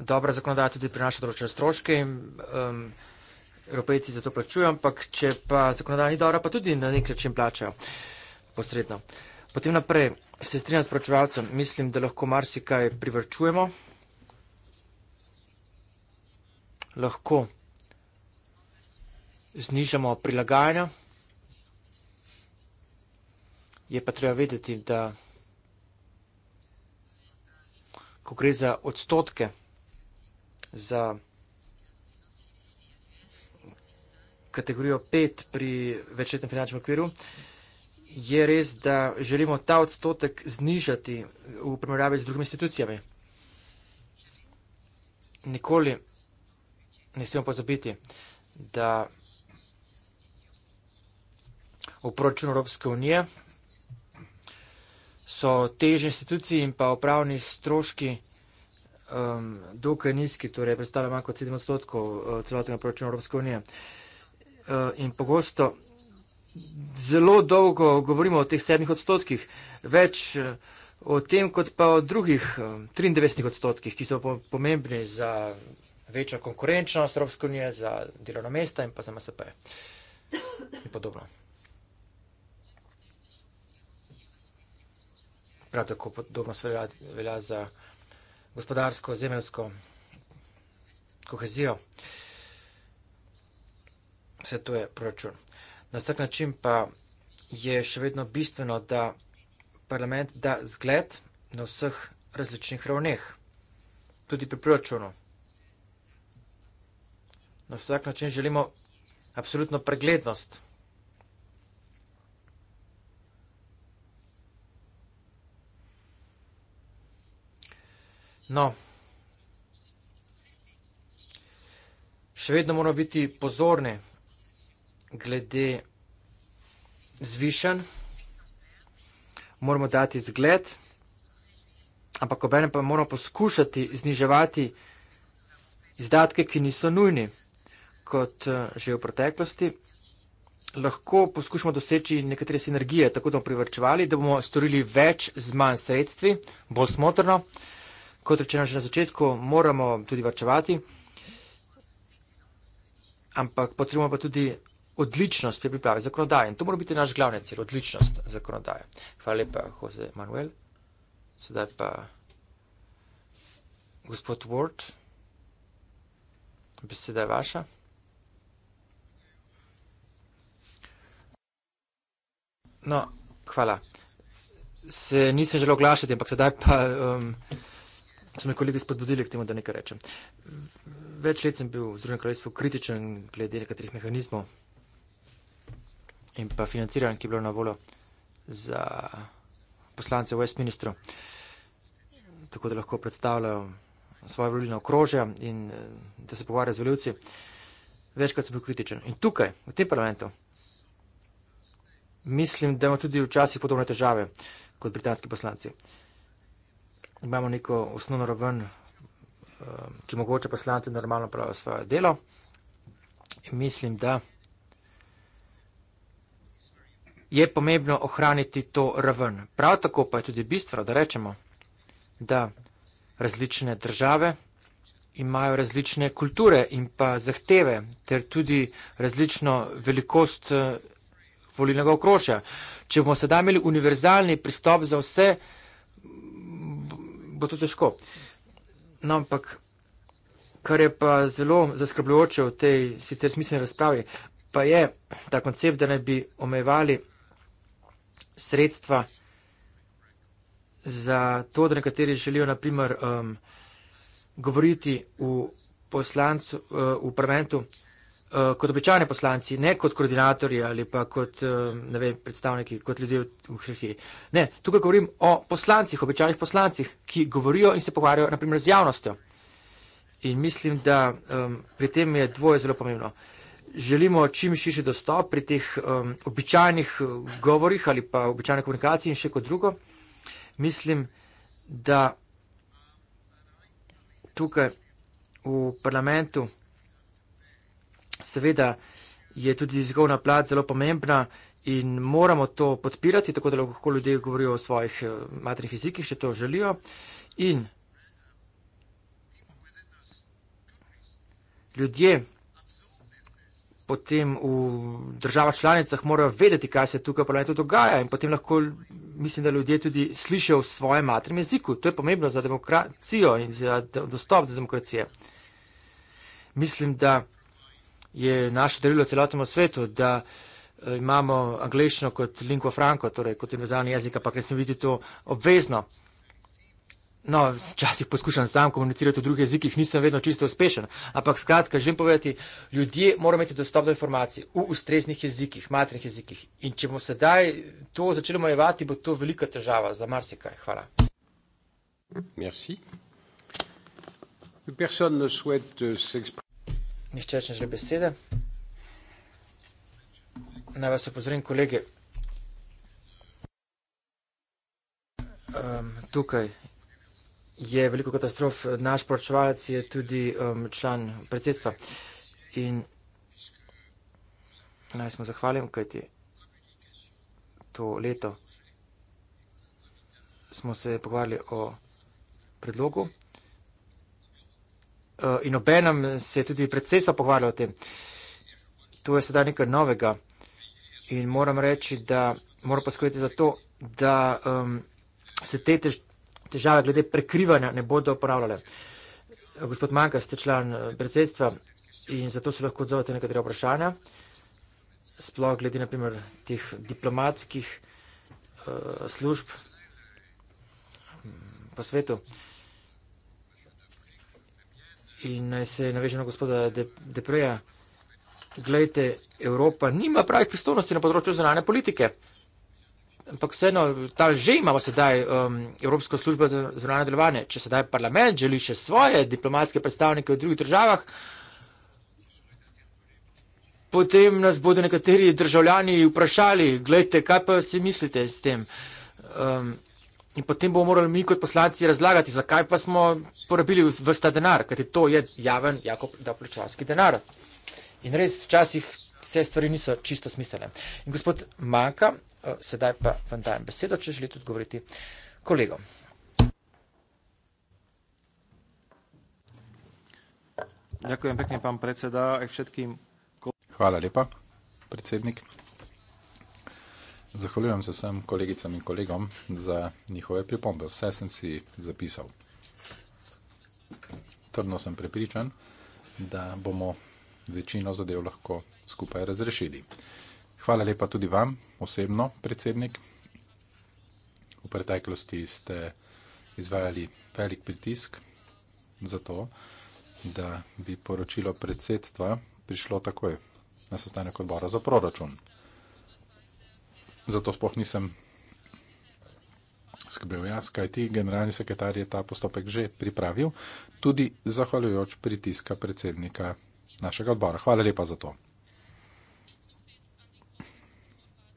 dobra zakonodaja tudi prinaša določene stroške in um, evropejci za to plačujo, ampak če pa zakonodaja ni dobra, pa tudi na nek način plačajo posredno. Potem naprej, se strinjam s pročevalcem, mislim, da lahko marsikaj privrčujemo. Lahko znižamo prilagajanja. Je pa treba vedeti, da ko gre za odstotke, za kategorijo 5 pri večletnem finančnem okviru, je res, da želimo ta odstotek znižati v primerjavi z drugimi institucijami. Nikoli ne smemo pozabiti, da v proračunu Evropske unije so težje institucije in pa upravni stroški um, dokaj nizki, torej predstavlja manj kot 7 odstotkov uh, celotnega proračuna Evropske unije. Uh, in pogosto zelo dolgo govorimo o teh 7 odstotkih, več eh, o tem, kot pa o drugih 93 eh, odstotkih, ki so pomembni za večjo konkurenčnost Evropske unije, za delovno mesta in pa za MSP. In podobno. Prav tako podobno se velja, velja za gospodarsko, zemeljsko kohezijo. Vse to je proračun. Na vsak način pa je še vedno bistveno, da parlament da zgled na vseh različnih ravneh, tudi pri proračunu. Na vsak način želimo absolutno preglednost. No, še vedno moramo biti pozorni glede zvišanj, moramo dati zgled, ampak obene pa moramo poskušati zniževati izdatke, ki niso nujni, kot eh, že v preteklosti. Lahko poskušamo doseči nekatere sinergije, tako da bomo privrčevali, da bomo storili več z manj sredstvi, bolj smotrno. Kot rečeno že na začetku, moramo tudi varčevati, ampak potrebujemo pa tudi odličnost pri pripravi zakonodaje. In to mora biti naš glavni cilj, odličnost zakonodaje. Hvala lepa, Jose Manuel. Sedaj pa gospod Ward, beseda je vaša. No, hvala. Se nisem želel oglašati, ampak sedaj pa um, so me kolegi spodbudili k temu, da nekaj rečem. Več let sem bil v Združenem kraljestvu kritičen glede nekaterih mehanizmov in pa financiranje, ki je bilo na voljo za poslance v Westminsteru, tako da lahko predstavljajo svoje volilne okrožja in eh, da se pogovarjajo z voljivci. Večkrat sem bil kritičen. In tukaj, v tem parlamentu, mislim, da imamo tudi včasih podobne težave kot britanski poslanci. Imamo neko osnovno raven, eh, ki mogoče poslance normalno pravijo svoje delo. In mislim, da je pomembno ohraniti to raven. Prav tako pa je tudi bistvo, da rečemo, da različne države imajo različne kulture in pa zahteve ter tudi različno velikost eh, volilnega okrožja. Če bomo sedaj imeli univerzalni pristop za vse, bo to težko. No, ampak, kar je pa zelo zaskrbljujoče v tej sicer smiselni razpravi, pa je ta koncept, da ne bi omejevali sredstva za to, da nekateri želijo, naprimer, um, govoriti v, poslancu, uh, v parlamentu uh, kot običajni poslanci, ne kot koordinatorji ali pa kot uh, vem, predstavniki, kot ljudje v, v hierarhiji. Ne, tukaj govorim o poslancih, običajnih poslancih, ki govorijo in se pogovarjajo, naprimer, z javnostjo. In mislim, da um, pri tem je dvoje zelo pomembno. Uh, želimo čim širši dostop pri teh um, običajnih uh, govorih ali pa običajni komunikaciji in še kot drugo, mislim, da tukaj v parlamentu seveda je tudi izgovna plat zelo pomembna in moramo to podpirati, tako da lahko ljudje govorijo o svojih uh, maternih jezikih, če to želijo. In ljudje, potem v državah članicah morajo vedeti, kaj se tukaj parlamentu dogaja in potem lahko, mislim, da ljudje tudi slišijo v svojem materem jeziku. To je pomembno za demokracijo in za dostop do demokracije. Mislim, da je naše darilo celotnemu svetu, da eh, imamo angliščino kot lingua franco, torej kot univerzalni jezik, ampak ne sme biti to obvezno. No, včasih poskušam sam komunicirati v drugih jezikih, nisem vedno čisto uspešen. Ampak skratka, želim povedati, ljudje morajo imeti dostop do informacij v ustreznih jezikih, matrih jezikih. In če bomo sedaj to začeli omejevati, bo to velika težava za marsikaj. Hvala. Merci. Nihče več ne želi besede. Naj vas opozorim, kolege. Um, tukaj je veliko katastrof. Naš poročevalec je tudi um, član predsedstva. In naj smo zahvalim, kajti to leto smo se pogovarjali o predlogu. Uh, in obenem se je tudi predsedstvo pogovarjalo o tem. To je sedaj nekaj novega. In moram reči, da moramo poskrbeti za to, da um, se te težave težave glede prekrivanja ne bodo uporabljale. Gospod Manka, ste član eh, predsedstva in zato se lahko odzovete nekatere vprašanja, sploh glede naprimer teh diplomatskih uh, služb hm, po svetu. In naj se navežem na gospoda Depreja. De Glejte, Evropa nima pravih pristojnosti na področju zunanje politike ampak vseeno, ta že imamo sedaj um, Evropsko službo za zvonanje delovanje. Če sedaj parlament želi še svoje diplomatske predstavnike v drugih državah, potem nas bodo nekateri državljani vprašali, gledajte, kaj pa si mislite s tem. Um, in potem bomo morali mi kot poslanci razlagati, zakaj pa smo porabili vsta denar, kajti to je javen, jako da plačovski denar. In res, včasih vse stvari niso čisto smiselne. In gospod Manka, eh, sedaj pa vam dajem besedo, če želite odgovoriti kolegom. Ďakujem pekne, pán predseda, aj všetkým. Hvala lepa, predsednik. Zahvaljujem se vsem kolegicam in kolegom za njihove pripombe. Vse sem si zapisal. Trdno sem prepričan, da bomo večino zadev lahko skupaj razrešili. Hvala lepa tudi vam, osebno, predsednik. V preteklosti ste izvajali velik pritisk za to, da bi poročilo predsedstva prišlo takoj na sestanek odbora za proračun. Zato spoh nisem skrbel jaz, kaj ti generalni sekretar je ta postopek že pripravil, tudi zahvaljujoč pritiska predsednika našega odbora. Hvala lepa za to.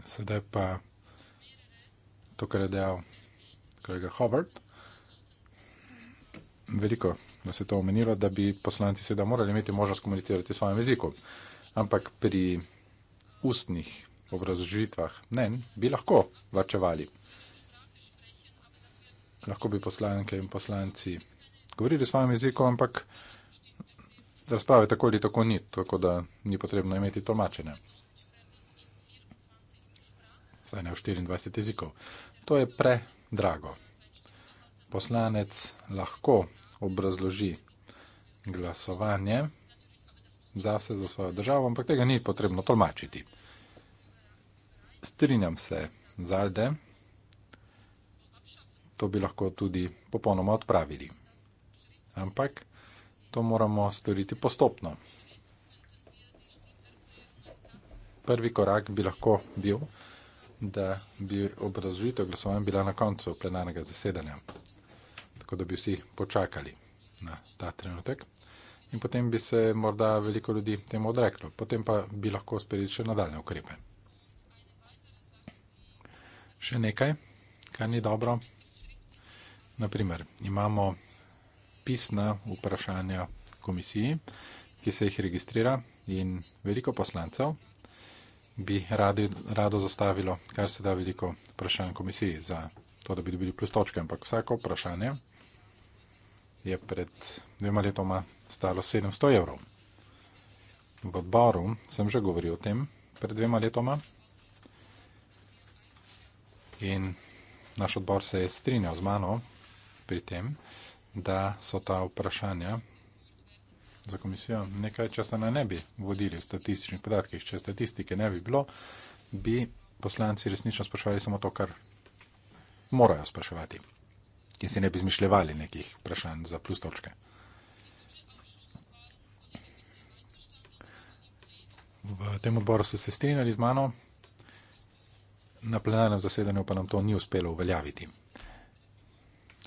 Sedaj pa to, kar je dejal kolega Hobart. Veliko nas je to omenilo, da bi poslanci seveda morali imeti možnost komunicirati v svojem jeziku. Ampak pri ustnih obrazožitvah ne, bi lahko varčevali. Lahko bi poslanke in poslanci govorili v svojem jeziku, ampak razprave tako ali tako ni, tako da ni potrebno imeti tolmačenja. Vsaj ne v 24 jezikov. To je predrago. Poslanec lahko obrazloži glasovanje za vse za svojo državo, ampak tega ni potrebno tolmačiti. Strinjam se z Alde, to bi lahko tudi popolnoma odpravili. Ampak To moramo storiti postopno. Prvi korak bi lahko bil, da bi obrazložitev glasovanja bila na koncu plenarnega zasedanja, tako da bi vsi počakali na ta trenutek in potem bi se morda veliko ljudi temu odreklo, potem pa bi lahko sprejeli še nadaljne ukrepe. Še nekaj, kar ni dobro. Naprimer, imamo pisna vprašanja komisiji, ki se jih registrira in veliko poslancev bi radi, rado zastavilo, kar se da veliko vprašanj komisiji za to, da bi dobili plus točke, ampak vsako vprašanje je pred dvema letoma stalo 700 evrov. V odboru sem že govoril o tem pred dvema letoma in naš odbor se je strinjal z mano pri tem, da so ta vprašanja za komisijo nekaj časa na nebi vodili v statističnih podatkih. Če statistike ne bi bilo, bi poslanci resnično spraševali samo to, kar morajo spraševati in si ne bi izmišljevali nekih vprašanj za plus točke. V tem odboru ste se strinjali z mano, na plenarnem zasedanju pa nam to ni uspelo uveljaviti.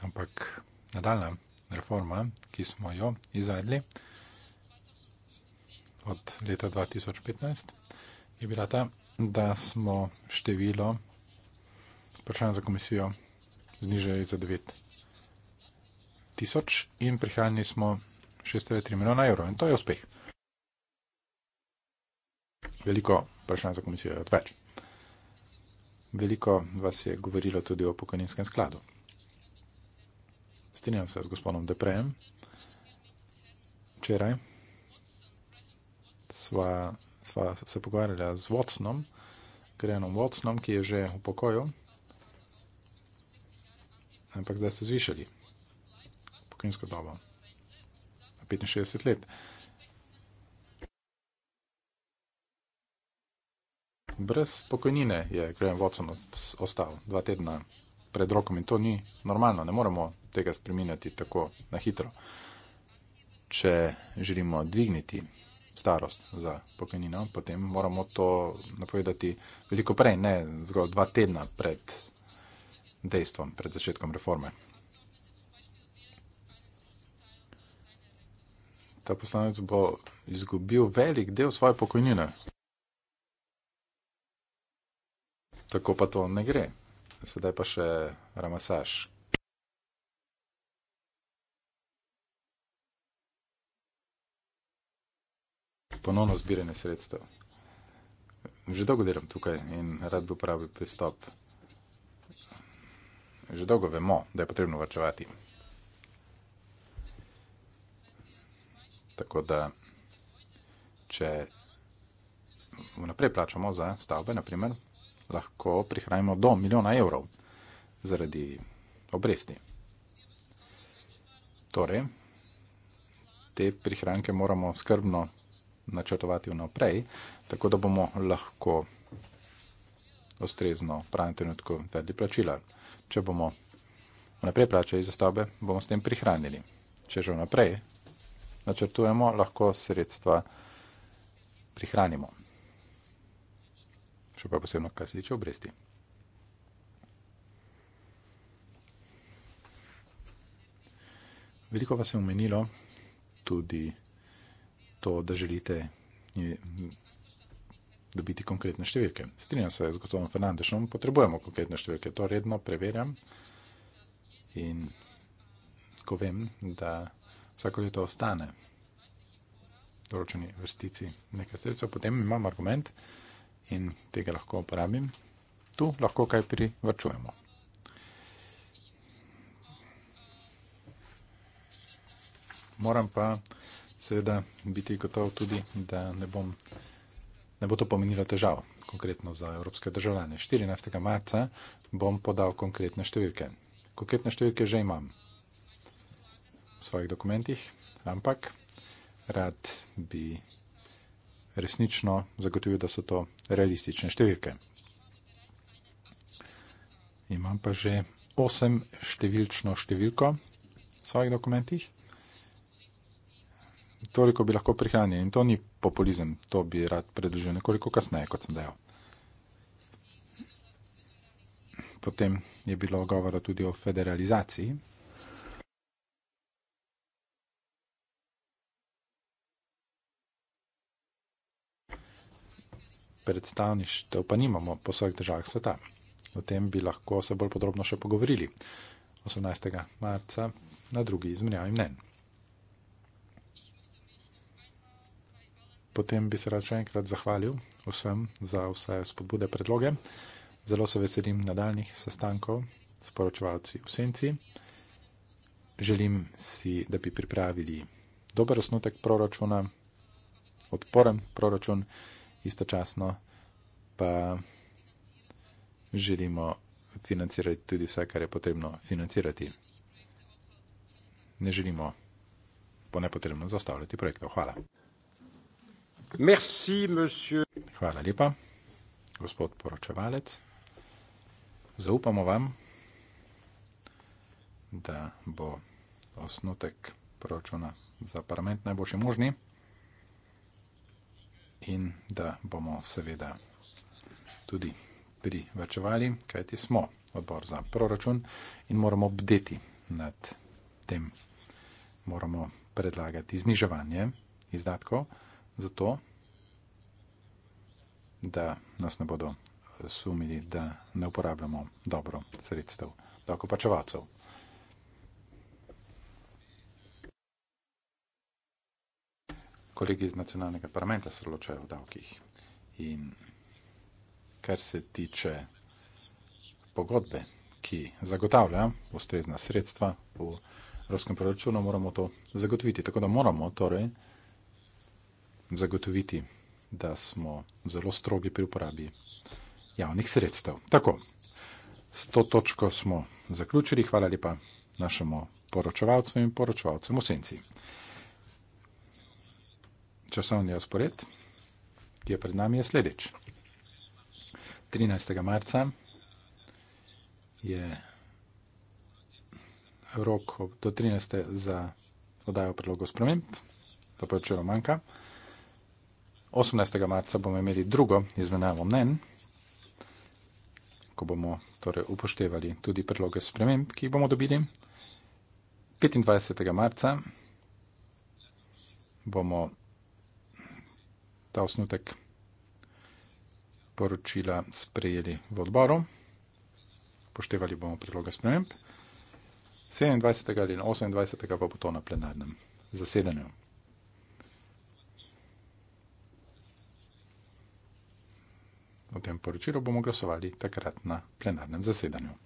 Ampak nadaljna reforma, ki smo jo izvedli od leta 2015, je bila ta, da smo število vprašanj za komisijo znižali za 9 tisoč in prihranili smo 6,3 milijona evrov. In to je uspeh. Veliko vprašanj za komisijo je odveč. Veliko vas je govorilo tudi o pokojninskem skladu. Strinjam se z gospodom Deprejem. Včeraj sva, sva se pogovarjala z Watsonom, Grenom Watsonom, ki je že v pokoju. Ampak zdaj so zvišali pokojninsko dobo na 65 let. Brez pokojnine je Graham Watson ostal dva tedna pred rokom in to ni normalno, ne moremo tega spremenjati tako na hitro. Če želimo dvigniti starost za pokojnino, potem moramo to napovedati veliko prej, ne zgolj dva tedna pred dejstvom, pred začetkom reforme. Ta poslanec bo izgubil velik del svoje pokojnine. Tako pa to ne gre sedaj pa še ramasaž. Ponovno zbiranje sredstev. Že dolgo delam tukaj in rad bi upravil pristop. Že dolgo vemo, da je potrebno vrčevati. Tako da, če vnaprej plačamo za stavbe, naprimer, lahko prihranimo do milijona evrov zaradi obresti. Torej, te prihranke moramo skrbno načrtovati vnaprej, tako da bomo lahko ostrezno v pravem trenutku vedli plačila. Če bomo vnaprej plačali za stavbe, bomo s tem prihranili. Če že vnaprej načrtujemo, lahko sredstva prihranimo še pa posebno, kar se tiče obresti. Veliko vas je omenilo tudi to, da želite dobiti konkretne številke. Strinjam se z gotovom Fernandešom, potrebujemo konkretne številke, to redno preverjam in ko vem, da vsako leto ostane določeni vrstici nekaj sredstva, potem imam argument, da in tega lahko uporabim, tu lahko kaj privrčujemo. Moram pa seveda biti gotov tudi, da ne, bom, ne bo to pomenilo težav, konkretno za evropske državljane. 14. marca bom podal konkretne številke. Konkretne številke že imam v svojih dokumentih, ampak rad bi resnično zagotovil, da so to realistične številke. Imam pa že osem številčno številko v svojih dokumentih. Toliko bi lahko prihranil in to ni populizem, to bi rad predložil nekoliko kasneje, kot sem dejal. Potem je bilo govora tudi o federalizaciji. predstavništev pa nimamo po vseh državah sveta. O tem bi lahko se bolj podrobno še pogovorili 18. marca na drugi izmenjavi mnen. Potem bi se rad še enkrat zahvalil vsem za vse spodbude, predloge. Zelo se veselim nadaljnih sestankov s poročevalci v Senci. Želim si, da bi pripravili dober osnutek proračuna, odporen proračun istočasno pa želimo financirati tudi vse, kar je potrebno financirati. Ne želimo po nepotrebno zastavljati projektov. Hvala. Merci, Hvala lepa, gospod poročevalec. Zaupamo vam, da bo osnutek proračuna za parlament najboljši možni in da bomo seveda tudi privrčevali, kajti smo odbor za proračun in moramo bdeti nad tem. Moramo predlagati zniževanje izdatkov, zato da nas ne bodo sumili, da ne uporabljamo dobro sredstev, dokopačevalcev. kolegi iz nacionalnega parlamenta se ločajo v davkih. In kar se tiče pogodbe, ki zagotavlja ustrezna sredstva v evropskem proračunu, moramo to zagotoviti. Tako da moramo torej zagotoviti, da smo zelo strogi pri uporabi javnih sredstev. Tako, s to točko smo zaključili. Hvala lepa našemu poročevalcu in poročevalcem v senci časovni razpored, ki je pred nami, je sledeč. 13. marca je rok do 13. za oddajo predlogov sprememb, to pa če manjka. 18. marca bomo imeli drugo izmenjavo mnen, ko bomo torej upoštevali tudi predloge sprememb, ki jih bomo dobili. 25. marca bomo ta osnutek poročila sprejeli v odboru, poštevali bomo predloge sprememb, 27. ali 28. pa bo to na plenarnem zasedanju. O tem poročilu bomo glasovali takrat na plenarnem zasedanju.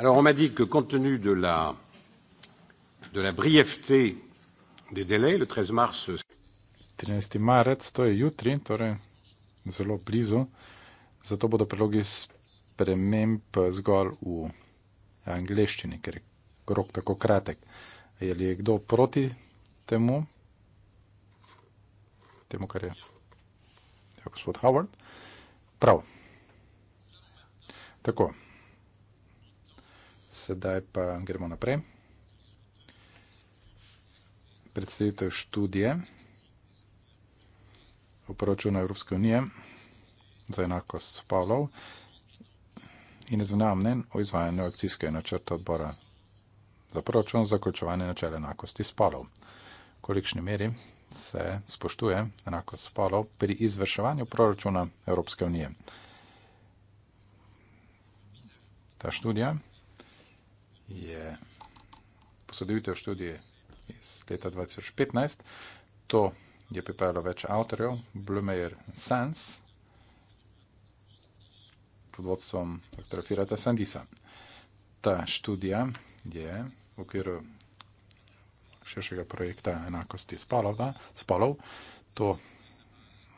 Alors, on m'a dit que compte tenu de la, de la brièveté des délais, le 13 mars. 13 mars, to je jutri, torej zelo blizu. Zato bodo predlogi sprememb zgolj v angleščini, ker je rok tako kratek. Je li je kdo proti temu? Temu, kar je ja, gospod Howard. Prav. Tako. Sedaj pa gremo naprej. Predsedite študije o poročunu Evropske unije za enakost spolov in izvenjam mnen o izvajanju akcijskega načrta odbora za poročun za končevanje načela enakosti spolov. Kolikšni meri se spoštuje enakost spolov pri izvrševanju proračuna Evropske unije? Ta študija je posodobitev študije iz leta 2015. To je pripravilo več avtorjev, Blumeyer Sans, pod vodstvom dr. Firata Sandisa. Ta študija je v okviru širšega projekta enakosti spolova, spolov. To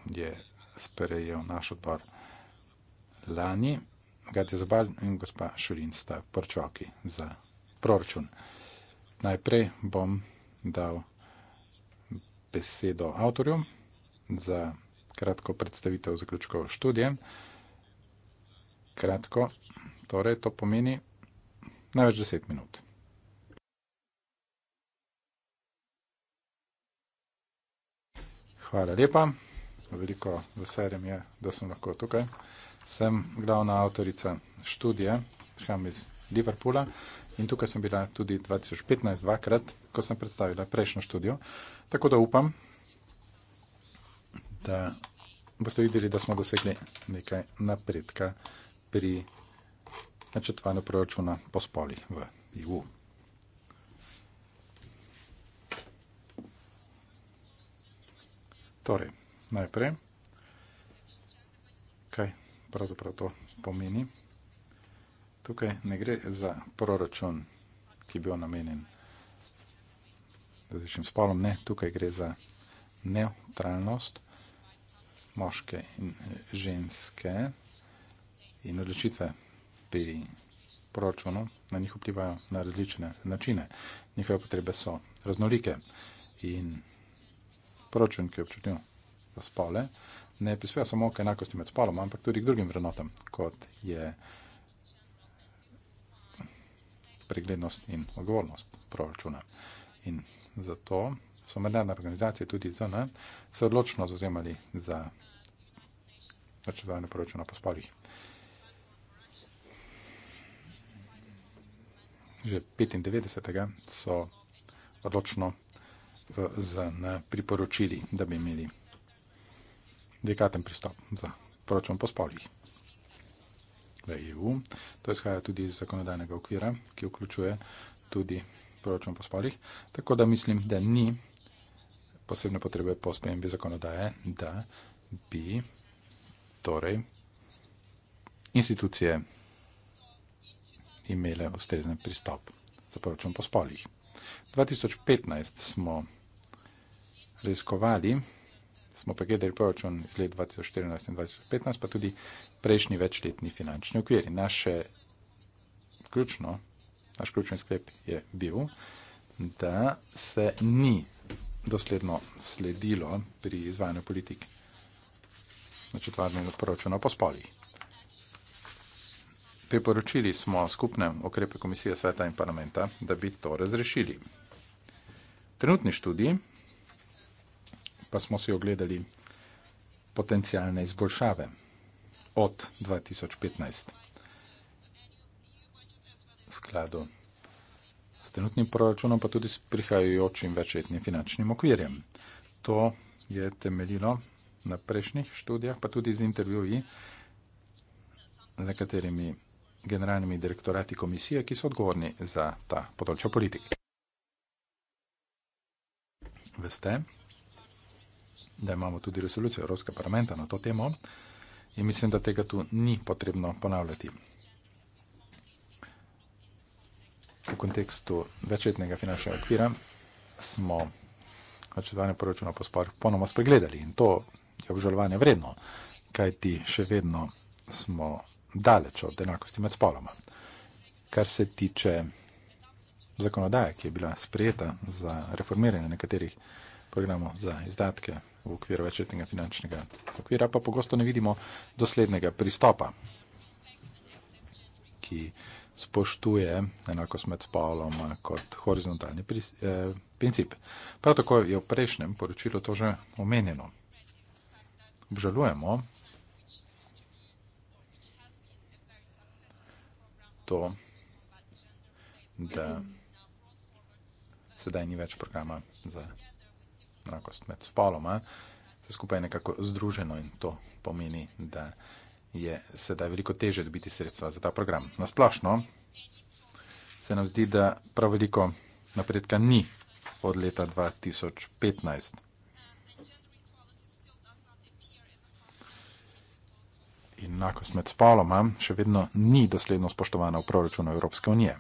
je sprejel naš odbor lani Gati Zabal in gospa Šurin sta prčoki za proračun. Najprej bom dal besedo avtorju za kratko predstavitev zaključkov študije. Kratko, torej to pomeni največ deset minut. Hvala lepa, veliko veselje mi je, da sem lahko tukaj sem glavna avtorica študije, prihajam iz Liverpoola in tukaj sem bila tudi 2015 dvakrat, ko sem predstavila prejšnjo študijo. Tako da upam, da boste videli, da smo dosegli nekaj napredka pri načrtovanju proračuna po spoli v EU. Torej, najprej. Kaj? Okay pravzaprav to pomeni. Tukaj ne gre za proračun, ki bi bil namenjen različnim spolom, ne, tukaj gre za neutralnost moške in eh, ženske in odločitve pri proračunu na njih vplivajo na različne načine. Njihove potrebe so raznolike in proračun, ki je občutil za spole, ne prispeva samo k enakosti med spoloma, ampak tudi k drugim vrednotam, kot je preglednost in odgovornost proračuna. In zato so mednarodne organizacije, tudi ZN, se odločno zazemali za načrtovanje proračuna po spolih. Že 95. so odločno v ZN priporočili, da bi imeli delikaten pristop za proračun po spolih. V EU to izhaja tudi iz zakonodajnega okvira, ki vključuje tudi proračun po spolih, tako da mislim, da ni posebne potrebe po spremembi zakonodaje, da bi torej institucije imele ustrezen pristop za proračun po spolih. 2015 smo raziskovali, smo pa gledali proračun iz let 2014 in 2015, pa tudi prejšnji večletni finančni okvir. Naše ključno, naš ključni sklep je bil, da se ni dosledno sledilo pri izvajanju politik načrtovanega proračuna po spolih. Priporočili smo skupne okrepe Komisije sveta in parlamenta, da bi to razrešili. Trenutni študiji pa smo si ogledali potencijalne izboljšave od 2015. V skladu s trenutnim proračunom, pa tudi s prihajajočim večletnim finančnim okvirjem. To je temeljilo na prejšnjih študijah, pa tudi z intervjuji, za katerimi generalnimi direktorati komisije, ki so odgovorni za ta področje politik. Veste, da imamo tudi resolucijo Evropskega parlamenta na to temo in mislim, da tega tu ni potrebno ponavljati. V kontekstu večletnega finančnega okvira smo načetovanje poročuna po sporih ponoma spregledali in to je obžalovanje vredno, kajti še vedno smo daleč od enakosti med spoloma. Kar se tiče zakonodaje, ki je bila sprejeta za reformiranje nekaterih programov za izdatke v okviru večletnega finančnega okvira, pa pogosto ne vidimo doslednega pristopa, ki spoštuje enakost med spolom kot horizontalni pri, eh, princip. Prav tako je v prejšnjem poročilu to že omenjeno. Obžalujemo to, da sedaj ni več programa za enakost med spoloma, vse skupaj je nekako združeno in to pomeni, da je sedaj veliko teže dobiti sredstva za ta program. Nasplošno se nam zdi, da prav veliko napredka ni od leta 2015. In enakost med spoloma še vedno ni dosledno spoštovana v proračunu Evropske unije.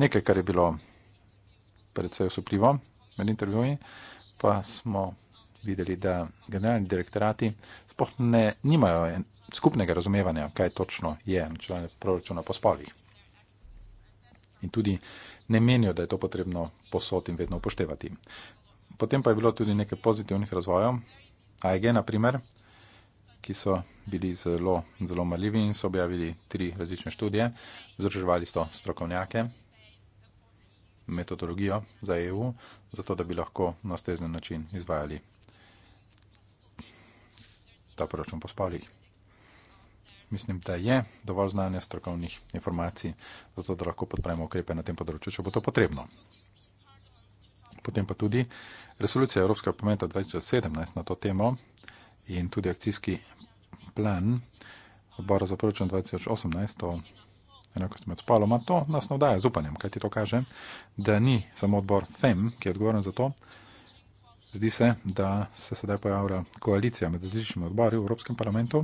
Nekaj, kar je bilo predvsej osupljivo med intervjuji, pa smo videli, da generalni direktorati sploh ne nimajo skupnega razumevanja, kaj točno je načelanje proračuna po spolih. In tudi ne menijo, da je to potrebno posod in vedno upoštevati. Potem pa je bilo tudi nekaj pozitivnih razvojev, AEG na primer, ki so bili zelo, zelo maljivi in so objavili tri različne študije, zdrževali so strokovnjake, metodologijo za EU, zato da bi lahko na stezni način izvajali ta poročun po spolih. Mislim, da je dovolj znanja strokovnih informacij, zato da lahko podpremo ukrepe na tem področju, če bo to potrebno. Potem pa tudi resolucija Evropskega pomenta 2017 na to temo in tudi akcijski plan odbora za poročun 2018 o Enako smo med spoloma. To nas navdaja z upanjem, kaj ti to kaže, da ni samo odbor FEM, ki je odgovoren za to. Zdi se, da se sedaj pojavlja koalicija med različnimi odbori v Evropskem parlamentu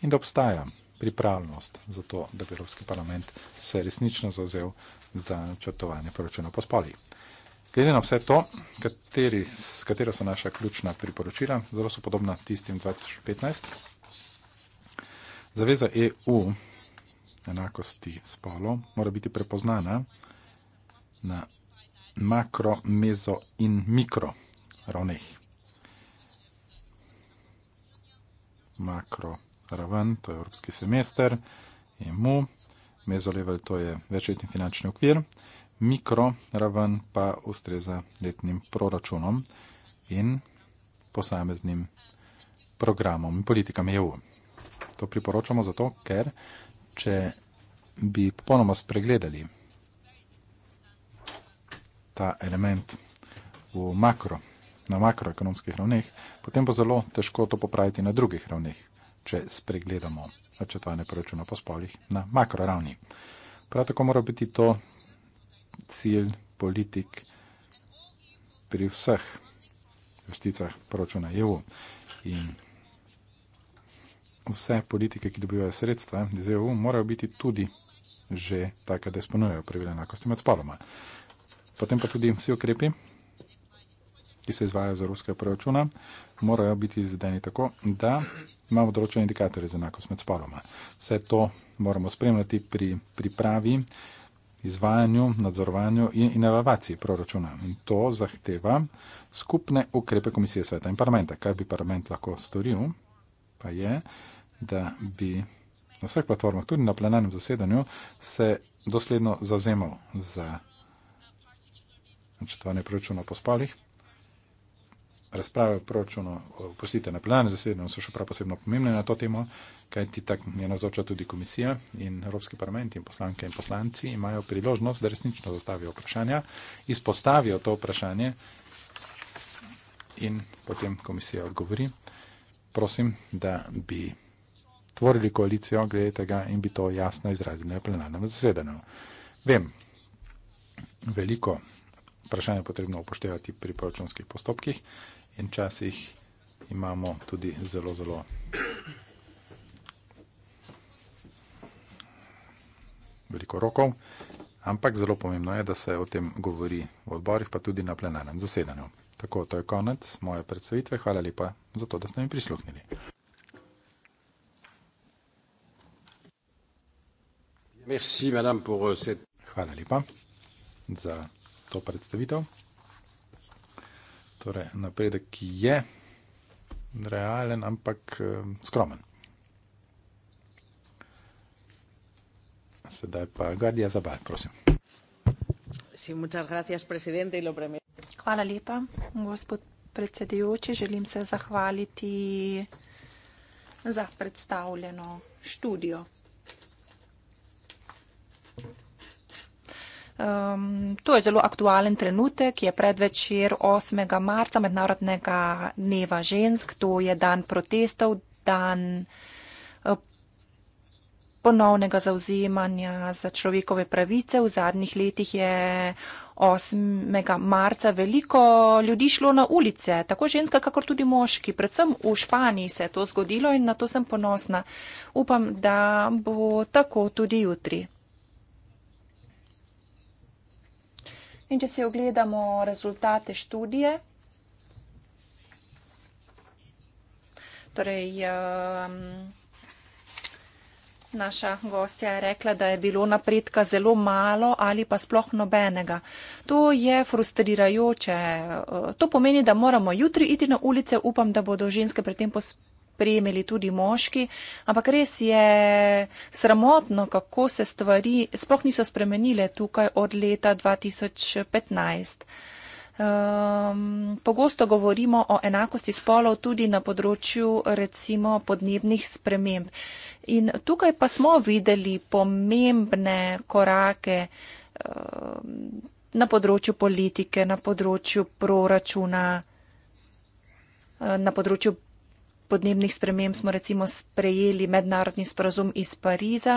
in da obstaja pripravljenost za to, da bi Evropski parlament se resnično zauzel za načrtovanje poročila po spolih. Glede na vse to, kateri, s katero so naša ključna priporočila, zelo so podobna tistim 2015. Zaveza EU enakosti spolov mora biti prepoznana na makro, mezo in mikro ravneh. Makro raven, to je evropski semester, EMU, mezo level, to je večletni finančni okvir, mikro raven pa ustreza letnim proračunom in posameznim programom in politikam EU. To priporočamo zato, ker če bi popolnoma spregledali ta element v makro, na makroekonomskih ravneh, potem bo zelo težko to popraviti na drugih ravneh, če spregledamo načrtovanje proračuna po spolih na makro ravni. Prav tako mora biti to cilj politik pri vseh vrsticah proračuna EU. In vse politike, ki dobivajo sredstva iz EU, morajo biti tudi že take, da izpolnjujejo pravila enakosti med spoloma. Potem pa tudi vsi ukrepi, ki se izvajajo za ruskega proračuna, morajo biti izvedeni tako, da imamo določene indikatorje za enakost med spoloma. Vse to moramo spremljati pri pripravi, izvajanju, nadzorovanju in inovaciji proračuna. In to zahteva skupne ukrepe Komisije sveta in parlamenta. Kaj bi parlament lahko storil, pa je da bi na vseh platformah, tudi na plenarnem zasedanju, se dosledno zavzemal za načrtovanje proračuna po spolih. Razprave o proračunu, oprostite, na plenarnem zasedanju so še prav posebno pomembne na to temo, kajti tak je nazoča tudi komisija in Evropski parlament in poslanke in poslanci imajo priložnost, da resnično zastavijo vprašanja, izpostavijo to vprašanje in potem komisija odgovori. Prosim, da bi tvorili koalicijo, glede tega in bi to jasno izrazili na plenarnem zasedanju. Vem, veliko vprašanje je potrebno upoštevati pri proračunskih postopkih in časih imamo tudi zelo, zelo veliko rokov, ampak zelo pomembno je, da se o tem govori v odborih, pa tudi na plenarnem zasedanju. Tako, to je konec moje predstavitve. Hvala lepa za to, da ste mi prisluhnili. Merci, madame, pour euh, cette... Hvala lepa za to predstavitev. Torej, napredek je realen, ampak eh, skromen. Sedaj pa Gardija Zabal, prosim. Sí, gracias, lo Hvala lepa, gospod predsedujoči. Želim se zahvaliti za predstavljeno študijo. Um, to je zelo aktualen trenutek, je predvečer 8. marca, mednarodnega dneva žensk, to je dan protestov, dan eh, ponovnega zauzemanja za človekove pravice. V zadnjih letih je 8. marca veliko ljudi šlo na ulice, tako ženska, kakor tudi moški. Predvsem v Španiji se je to zgodilo in na to sem ponosna. Upam, da bo tako tudi jutri. In če si ogledamo rezultate študije, torej um, naša gostja je rekla, da je bilo napredka zelo malo ali pa sploh nobenega. To je frustrirajoče. To pomeni, da moramo jutri iti na ulice, upam, da bodo ženske pri tem pospravili spremili tudi moški, ampak res je sramotno, kako se stvari sploh niso spremenile tukaj od leta 2015. Um, ehm, pogosto govorimo o enakosti spolov tudi na področju recimo podnebnih sprememb. In tukaj pa smo videli pomembne korake um, na področju politike, na področju proračuna, eh, na področju podnebnih sprememb smo recimo sprejeli mednarodni sporazum iz Pariza,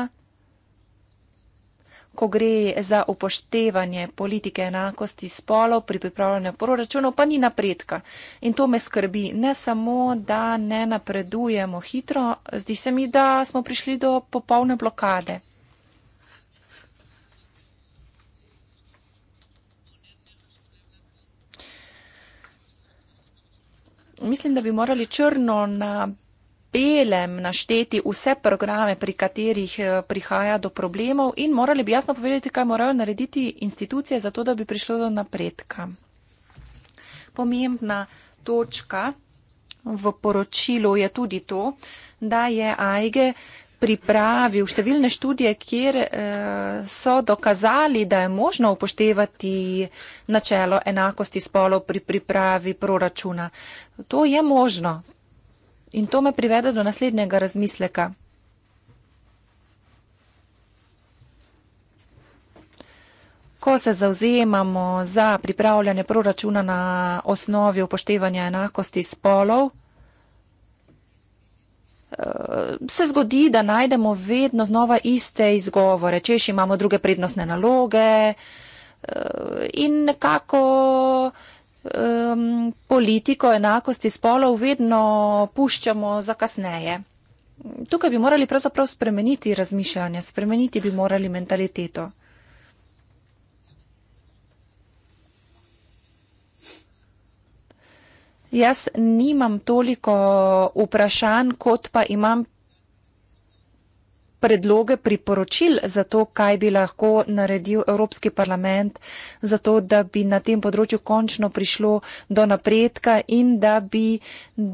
ko gre za upoštevanje politike enakosti spolov pri pripravljanju proračunov, pa ni napredka. In to me skrbi. Ne samo, da ne napredujemo hitro, zdi se mi, da smo prišli do popolne blokade. mislim, da bi morali črno na belem našteti vse programe, pri katerih eh, prihaja do problemov in morali bi jasno povedati, kaj morajo narediti institucije, zato da bi prišlo do napredka. Pomembna točka v poročilu je tudi to, da je AIGE uh, pripravil številne študije, kjer eh, so dokazali, da je možno upoštevati načelo enakosti spolov pri pripravi proračuna. To je možno. In to me privede do naslednjega razmisleka. Ko se zauzemamo za pripravljanje proračuna na osnovi upoštevanja enakosti spolov, Eh, se zgodi, da najdemo vedno znova iste izgovore, češ imamo druge prednostne naloge eh, in nekako um, politiko enakosti spolov vedno puščamo za kasneje. Tukaj bi morali pravzaprav spremeniti razmišljanje, spremeniti bi morali mentaliteto. Jaz nimam toliko vprašanj, kot pa imam predloge priporočil za to, kaj bi lahko naredil Evropski parlament, za to, da bi na tem področju končno prišlo do napredka in da bi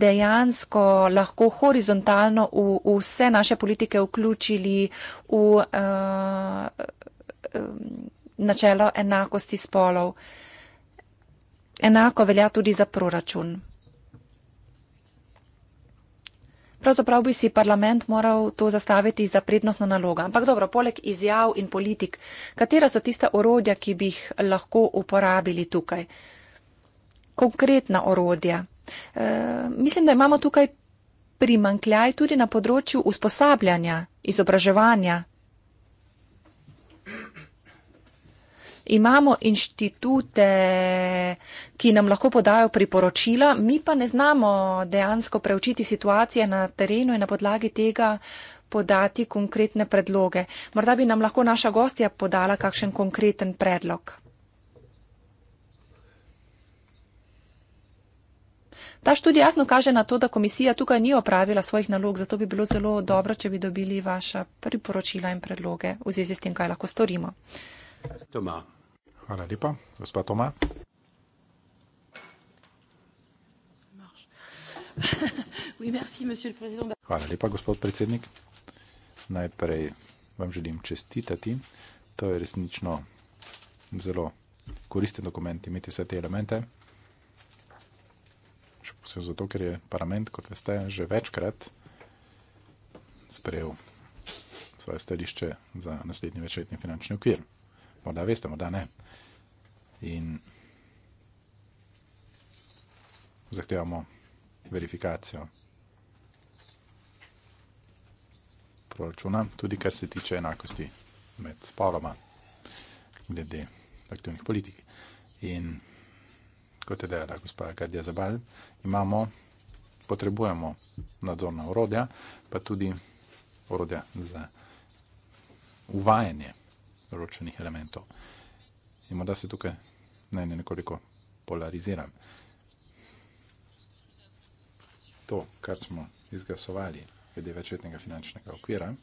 dejansko lahko horizontalno v, v vse naše politike vključili v uh, načelo enakosti spolov. Enako velja tudi za proračun. pravzaprav bi si parlament moral to zastaviti za prednostno nalogo. Ampak dobro, poleg izjav in politik, katera so tista orodja, ki bi jih lahko uporabili tukaj? Konkretna orodja. E, mislim, da imamo tukaj primankljaj tudi na področju usposabljanja, izobraževanja imamo inštitute, ki nam lahko podajo priporočila, mi pa ne znamo dejansko preučiti situacije na terenu in na podlagi tega podati konkretne predloge. Morda bi nam lahko naša gostja podala kakšen konkreten predlog. Ta študija jasno kaže na to, da komisija tukaj ni opravila svojih nalog, zato bi bilo zelo dobro, če bi dobili vaša priporočila in predloge v zvezi s tem, kaj lahko storimo. Doma. Hvala lepa. Gospa Toma. *laughs* Hvala lepa, gospod predsednik. Najprej vam želim čestitati. To je resnično zelo koristen dokument imeti vse te elemente. Še posebej zato, ker je parlament, kot veste, že večkrat sprejel svoje stališče za naslednji večletni finančni okvir morda veste, morda ne. In zahtevamo verifikacijo proračuna, tudi kar se tiče enakosti med spoloma, glede aktivnih politik. In kot je dejala gospa Kadija Zabal, imamo, potrebujemo nadzorna urodja, pa tudi urodja za uvajanje ročnih elementov. In morda se tukaj naj ne nekoliko polariziram. To, kar smo izglasovali, glede večletnega finančnega okvira,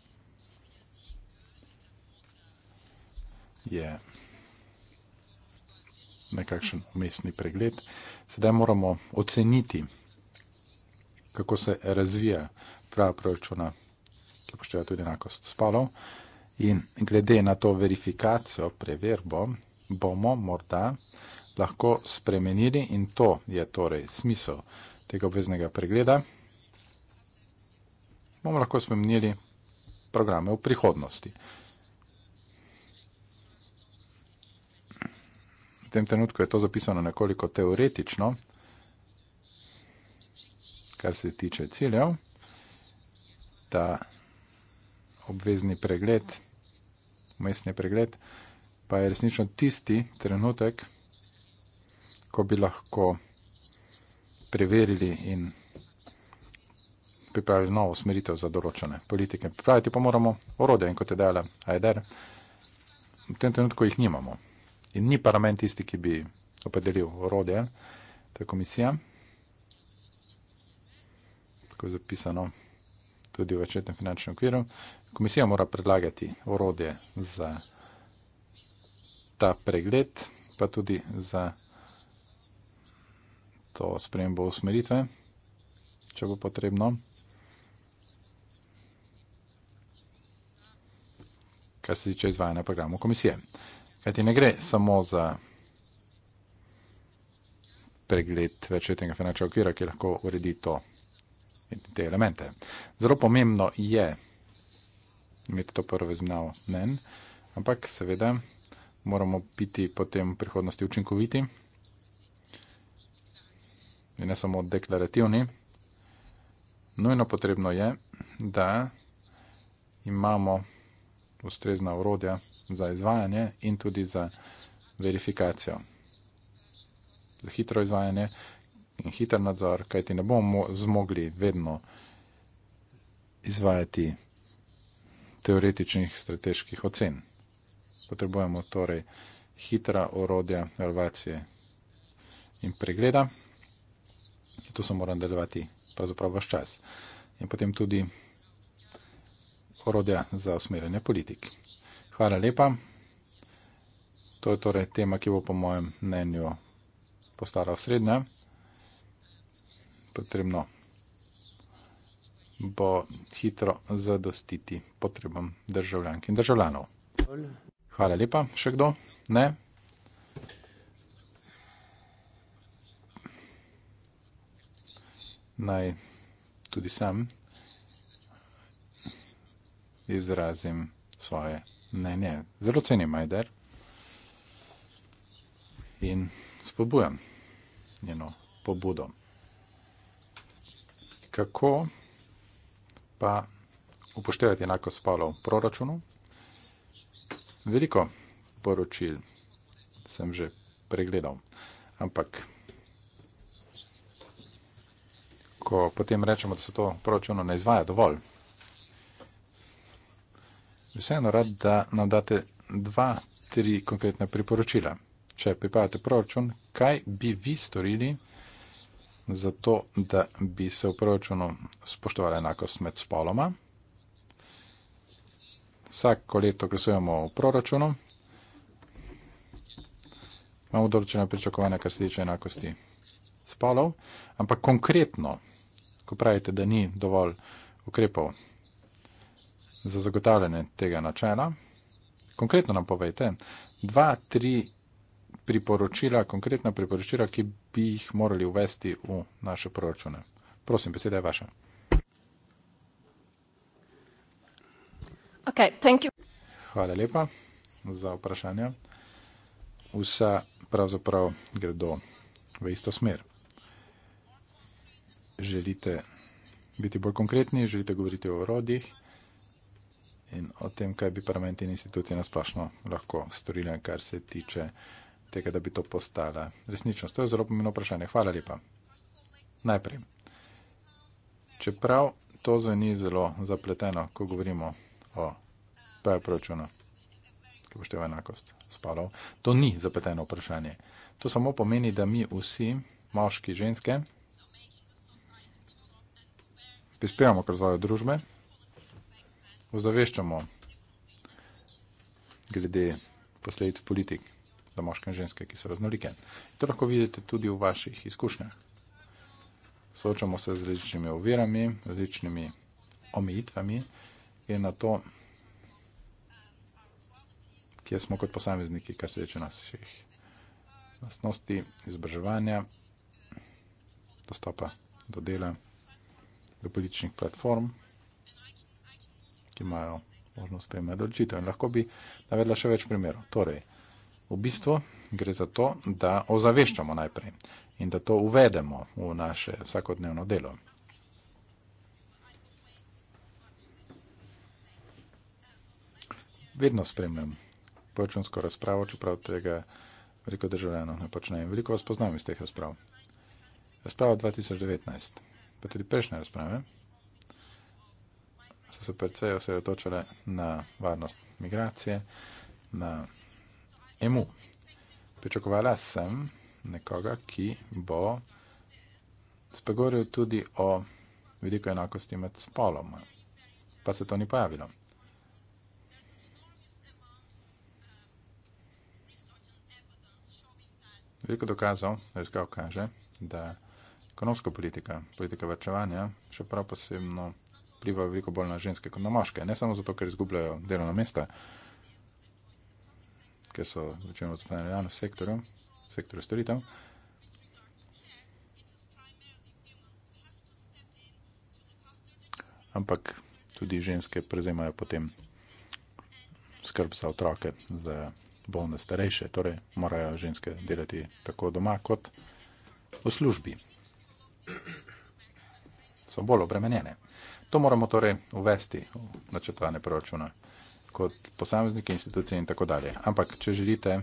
je nekakšen umestni pregled. Sedaj moramo oceniti, kako se razvija prava proračuna, ki poštevajo tudi enakost spolov. In glede na to verifikacijo, preverbo, bomo morda lahko spremenili in to je torej smisel tega obveznega pregleda, bomo lahko spremenili programe v prihodnosti. V tem trenutku je to zapisano nekoliko teoretično, kar se tiče ciljev, da obvezni pregled, umestni pregled, pa je resnično tisti trenutek, ko bi lahko preverili in pripravili novo smeritev za določene politike. Pripraviti pa moramo orode in kot je dala Ajder, v tem trenutku jih nimamo. In ni parlament tisti, ki bi opredelil orode, to je komisija. Tako je zapisano tudi v večletnem finančnem okviru. Komisija mora predlagati orodje za ta pregled, pa tudi za to spremembo usmeritve, če bo potrebno. kar se tiče izvajanja programov komisije. Kajti ne gre samo za pregled večletnega finančnega okvira, ki lahko uredi to te elemente. Zelo pomembno je imeti to prvo izmenjavo mnen, ampak seveda moramo biti potem v prihodnosti učinkoviti in ne samo deklarativni. Nujno potrebno je, da imamo ustrezna urodja za izvajanje in tudi za verifikacijo. Za hitro izvajanje, in hiter nadzor, kajti ne bomo zmogli vedno izvajati teoretičnih strateških ocen. Potrebujemo torej hitra orodja evalvacije in pregleda. In to se mora nadaljevati pravzaprav vaš čas. In potem tudi orodja za usmerjanje politik. Hvala lepa. To je torej tema, ki bo po mojem mnenju postala osrednja potrebno bo hitro zadostiti potrebam državljank in državljanov. Hvala lepa, še kdo? Ne? Naj tudi sam izrazim svoje mnenje. Zelo cenim Majder in spodbujam njeno pobudo kako pa upoštevati enako spolov v proračunu. Veliko poročil sem že pregledal, ampak ko potem rečemo, da se to proračuno ne izvaja dovolj, bi vseeno rad, da nam date dva, tri konkretna priporočila. Če pripravljate proračun, kaj bi vi storili, da bi vi storili, zato, da bi se v proračunu spoštovala enakost med spoloma. Vsako leto glasujemo v proračunu. Imamo določena pričakovanja, kar se tiče enakosti spolov, ampak konkretno, ko pravite, da ni dovolj ukrepov za zagotavljanje tega načela, konkretno nam povejte, dva, tri priporočila, konkretna priporočila, ki bi jih morali uvesti v naše proračune. Prosim, beseda je vaša. Okay, thank you. Hvala lepa za vprašanje. Vsa pravzaprav gredo v isto smer. Želite biti bolj konkretni, želite govoriti o orodjih in o tem, kaj bi parlament in institucije nasplošno lahko storile, kar se tiče tega, da bi to postala resničnost. To je zelo pomembno vprašanje. Hvala lepa. Najprej. Čeprav to zveni zelo zapleteno, ko govorimo o tvojem proračunu, ki bo števa enakost spolov, to ni zapleteno vprašanje. To samo pomeni, da mi vsi, moški, ženske, prispevamo k razvoju družbe, ozaveščamo glede posledic politik da moške in ženske, ki so raznolike. To lahko vidite tudi v vaših izkušnjah. Soočamo se z različnimi ovirami, različnimi omejitvami in na to, kje smo kot posamezniki, kar se reče naših lastnosti, izobraževanja, dostopa do dela, do političnih platform, ki imajo možnost sprejemati odločitev. In lahko bi navedla še več primerov. Torej, V bistvu gre za to, da ozaveščamo najprej in da to uvedemo v naše vsakodnevno delo. Vedno spremljam poračunsko razpravo, čeprav tega veliko državljanov ne počnejo. Veliko vas poznam iz teh razprav. Razprava 2019, pa tudi prejšnje razprave, so se precej osredotočile na varnost migracije, na migracije, emu. Pričakovala sem nekoga, ki bo spregovoril tudi o veliko enakosti med spoloma, pa se to ni pojavilo. Veliko dokazov, raziskav kaže, da ekonomska politika, politika vrčevanja, še prav posebno vpliva veliko bolj na ženske kot na moške. Ne samo zato, ker izgubljajo delovna mesta, ki so večinoma zaposleni v javnem sektorju, sektorju storitev. Ampak tudi ženske prevzemajo potem skrb za otroke, za bolne starejše, torej morajo ženske delati tako doma kot v službi. So bolj obremenjene. To moramo torej uvesti v načrtovane proračune kot posamezniki, institucije in tako dalje. Ampak, če želite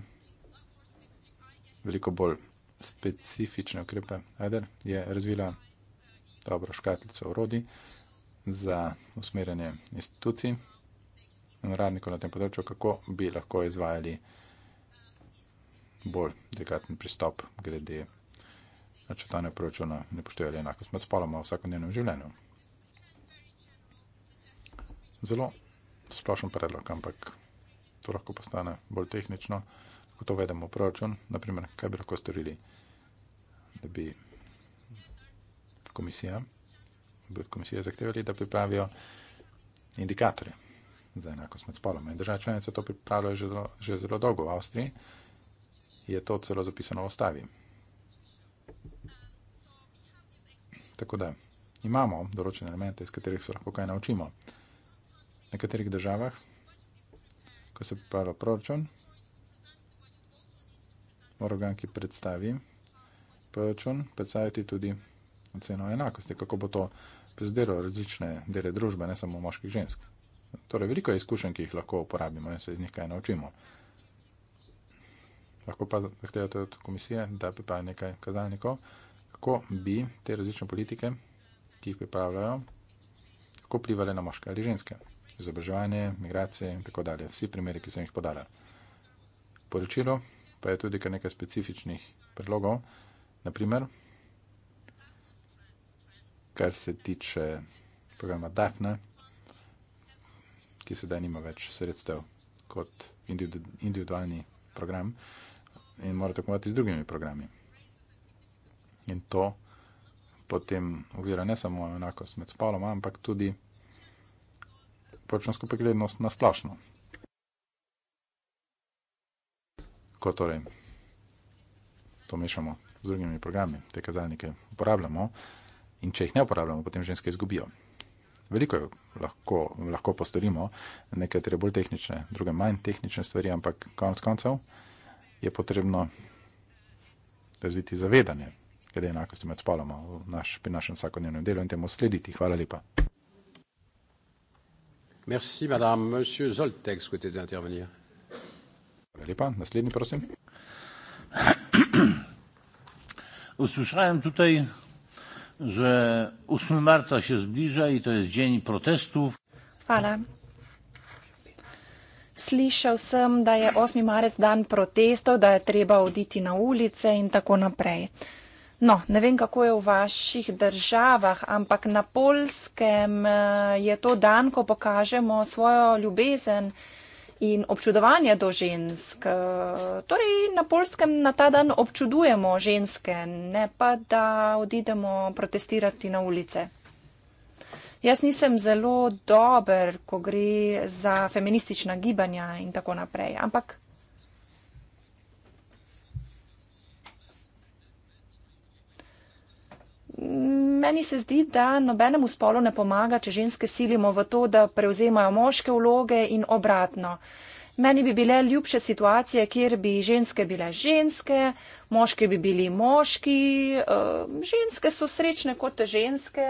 veliko bolj specifične ukrepe, Eder je razvila dobro škatljico urodi za usmerjanje institucij in uradnikov na tem področju, kako bi lahko izvajali bolj delikaten pristop glede načrtovanja proračuna, ne poštevali enakost med spoloma v vsakodnevnem življenju. Zelo splošen predlog, ampak to lahko postane bolj tehnično, ko to vedemo v proračun. Naprimer, kaj bi lahko storili, da bi komisija, da bi od komisije zahtevali, da pripravijo indikatorje za enakost med spoloma. In države članice to pripravljajo že, že zelo dolgo. V Avstriji je to celo zapisano v ustavi. Tako da imamo določene elemente, iz katerih se lahko kaj naučimo nekaterih državah, ko se pripravlja proračun, mora organ, ki predstavi proračun, predstaviti tudi oceno enakosti, kako bo to prezdelo različne dele družbe, ne samo moških žensk. Torej, veliko je izkušenj, ki jih lahko uporabimo in se iz njih kaj naučimo. Lahko pa zahteva tudi od komisije, da pripravi nekaj kazalnikov, kako bi te različne politike, ki jih pripravljajo, kako plivale na moške ali ženske izobraževanje, migracije in tako dalje. Vsi primeri, ki sem jih podala. Poročilo pa je tudi kar nekaj specifičnih predlogov. Naprimer, kar se tiče programa DAFNA, ki sedaj nima več sredstev kot individualni program in mora tekmovati z drugimi programi. In to potem uvira ne samo enakost med spoloma, ampak tudi proračunsko preglednost na splošno. Ko torej to mešamo z drugimi programi, te kazalnike uporabljamo in če jih ne uporabljamo, potem ženske izgubijo. Veliko lahko, lahko postorimo, nekatere bolj tehnične, druge manj tehnične stvari, ampak konec koncev je potrebno razviti zavedanje glede enakosti med spoloma v naš, pri našem vsakodnevnem delu in temu slediti. Hvala lepa. Merci madame monsieur Zoltek souhaitez intervenir. Allez pas naslednji prosim. *clears throat* Usłyszałem tutaj że 8 marca się zbliża i to jest dzień protestów. Hvala. Slišal sem, da je 8. marec dan protestov, da je treba oditi na ulice in tako naprej. No, ne vem, kako je v vaših državah, ampak na polskem eh, je to dan, ko pokažemo svojo ljubezen in občudovanje do žensk. Eh, torej, na polskem na ta dan občudujemo ženske, ne pa da odidemo protestirati na ulice. Jaz nisem zelo dober, ko gre za feministična gibanja in tako naprej, ampak meni se zdi, da nobenemu spolu ne pomaga, če ženske silimo v to, da prevzemajo moške vloge in obratno. Meni bi bile ljubše situacije, kjer bi ženske bile ženske, moški bi bili moški, eh, ženske so srečne kot ženske.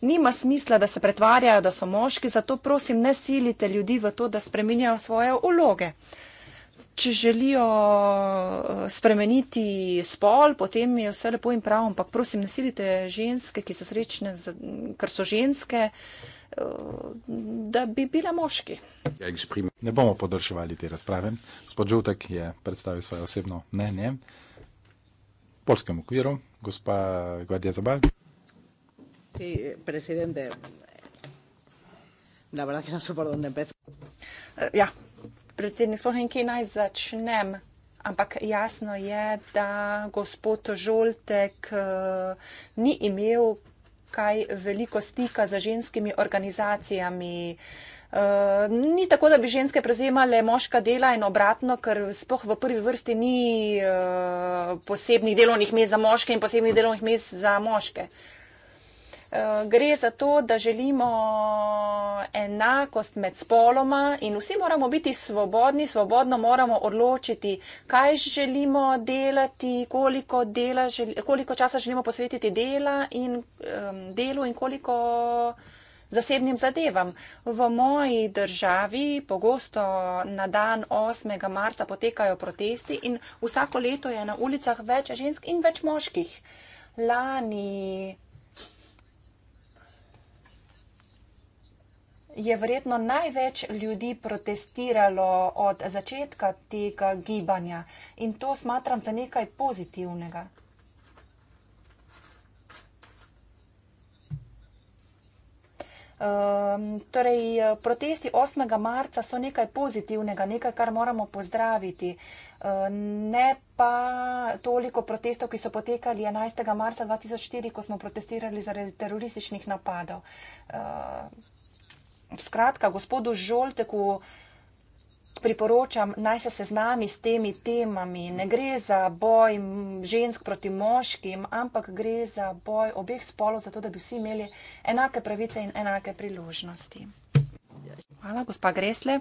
Nima smisla, da se pretvarjajo, da so moški, zato prosim, ne silite ljudi v to, da spreminjajo svoje vloge če želijo eh, spremeniti spol, potem je vse lepo in prav, ampak prosim, nasilite ženske, ki so srečne, z, ker so ženske, eh, da bi bile moški. Ne bomo podrševali te razprave. Gospod Žutek je predstavil svoje osebno mnenje. Polskem okviru, gospa Gvadija Zabal. Sí, La verdad que no sé por dónde empezar. Uh, eh, ya. Ja, yeah predsednik, sploh in kje naj začnem. Ampak jasno je, da gospod Žoltek eh, ni imel kaj veliko stika z ženskimi organizacijami. Uh, ni tako, da bi ženske prevzemale moška dela in obratno, ker spoh v prvi vrsti ni uh, posebnih delovnih mest za moške in posebnih delovnih mest za moške. Uh, Eh, gre za to, da želimo enakost med spoloma in vsi moramo biti svobodni, svobodno moramo odločiti, kaj želimo delati, koliko, dela želi, koliko časa želimo posvetiti dela in, um, delu in koliko zasebnim zadevam. V moji državi pogosto na dan 8. marca potekajo protesti in vsako leto je na ulicah več žensk in več moških. Lani je verjetno največ ljudi protestiralo od začetka tega gibanja in to smatram za nekaj pozitivnega. Um, torej, protesti 8. marca so nekaj pozitivnega, nekaj, kar moramo pozdraviti. Um, ne pa toliko protestov, ki so potekali 11. marca 2004, ko smo protestirali zaradi terorističnih napadov. Um, Skratka, gospodu Žolteku priporočam, naj se seznami s temi temami. Ne gre za boj žensk proti moškim, ampak gre za boj obeh spolov, zato da bi vsi imeli enake pravice in enake priložnosti. Hvala, gospa Gresle.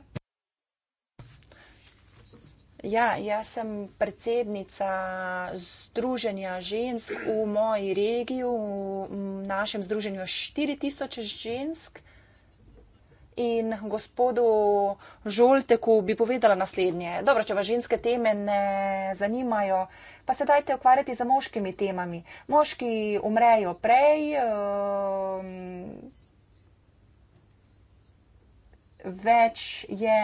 Ja, jaz sem predsednica Združenja žensk v moji regiji, v našem združenju 4000 žensk. In gospodu Žolteku bi povedala naslednje. Dobro, če vas ženske teme ne zanimajo, pa se dajte ukvarjati za moškimi temami. Moški umrejo prej, ehm, več je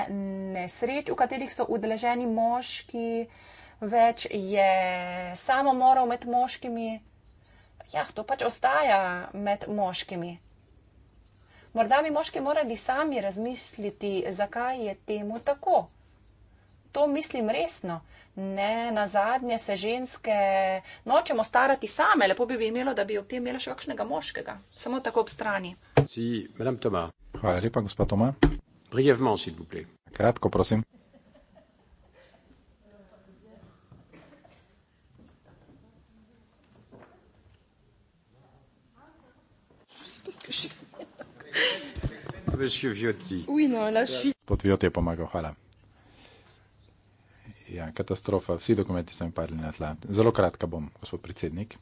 nesreč, v katerih so udeleženi moški, več je samomorov med moškimi. Ja, to pač ostaja med moškimi. Morda bi moški morali sami razmisliti, zakaj je temu tako. To mislim resno. Ne, na zadnje se ženske nočemo starati same, lepo bi, bi imelo, da bi ob tem imela še kakšnega moškega, samo tako ob strani. Si, Hvala lepa, gospod Toma. Prijevmo, si duple. Kratko, prosim. Спасибо. Monsieur Viotti. Oui, non, là je suis. Pod Viotti je pomagal, hvala. Ja, katastrofa, vsi dokumenti so mi padli na tla. Zelo kratka bom, gospod predsednik.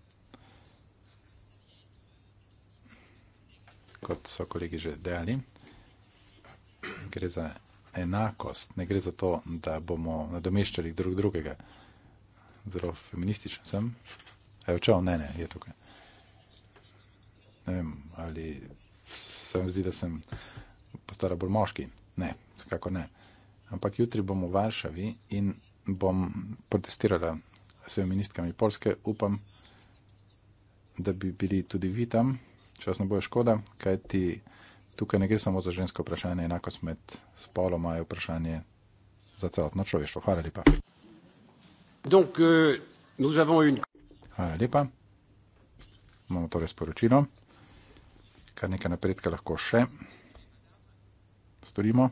Kot so kolegi že dejali, gre za enakost, ne gre za to, da bomo nadomeščali drug drugega. Zelo feminističen sem. Evo, čau, ne, ne, je tukaj. Ne vem, ali se vam zdi, da sem postala bolj moški. Ne, skako ne. Ampak jutri bom v Varšavi in bom protestirala s feministkami Polske. Upam, da bi bili tudi vi tam, če vas ne boje škoda, kaj ti tukaj ne gre samo za žensko vprašanje, enako smet spolo imajo vprašanje za celotno človeštvo. Hvala lepa. Donc, euh, une... Hvala lepa. Imamo torej sporočilo, kar nekaj napredka lahko še storimo.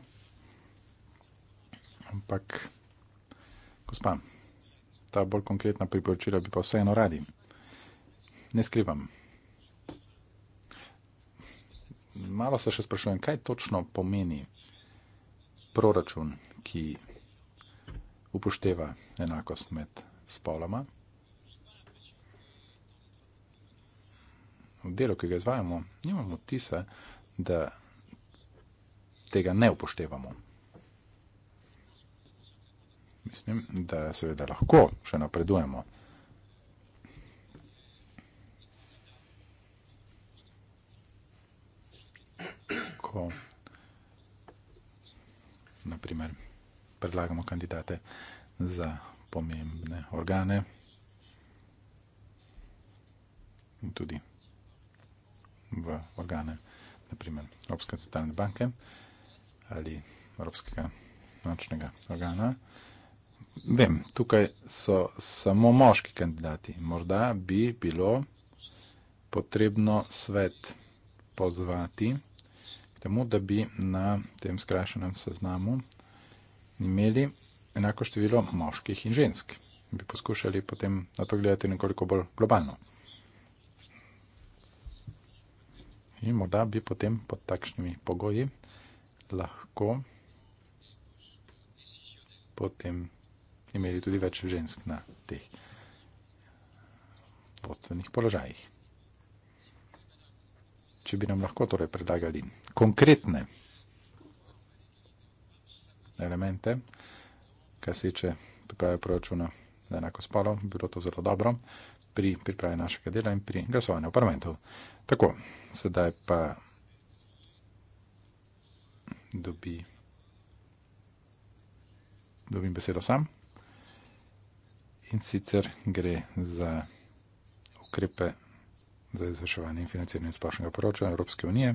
Ampak, gospod, ta bolj konkretna priporočila bi pa vseeno radi. Ne skrivam. Malo se še sprašujem, kaj točno pomeni proračun, ki upošteva enakost med spoloma. V delu, ki ga izvajamo, nimamo tise, da tega ne upoštevamo. Mislim, da seveda lahko še napredujemo. Ko naprimer predlagamo kandidate za pomembne organe in tudi v organe, naprimer, Evropske centralne banke ali Evropskega finančnega organa. Vem, tukaj so samo moški kandidati. Morda bi bilo potrebno svet pozvati k temu, da bi na tem skrajšanem seznamu imeli enako število moških in žensk. Bi poskušali potem na to gledati nekoliko bolj globalno. In morda bi potem pod takšnimi pogoji lahko potem imeli tudi več žensk na teh vodstvenih položajih. Če bi nam lahko torej predlagali konkretne elemente, kar se tiče priprave proračuna na enako spalo, bi bilo to zelo dobro pri pripravi našega dela in pri glasovanju v parlamentu. Tako, sedaj pa dobi, dobim besedo sam. In sicer gre za ukrepe za izvrševanje in financiranje splošnega poročanja Evropske unije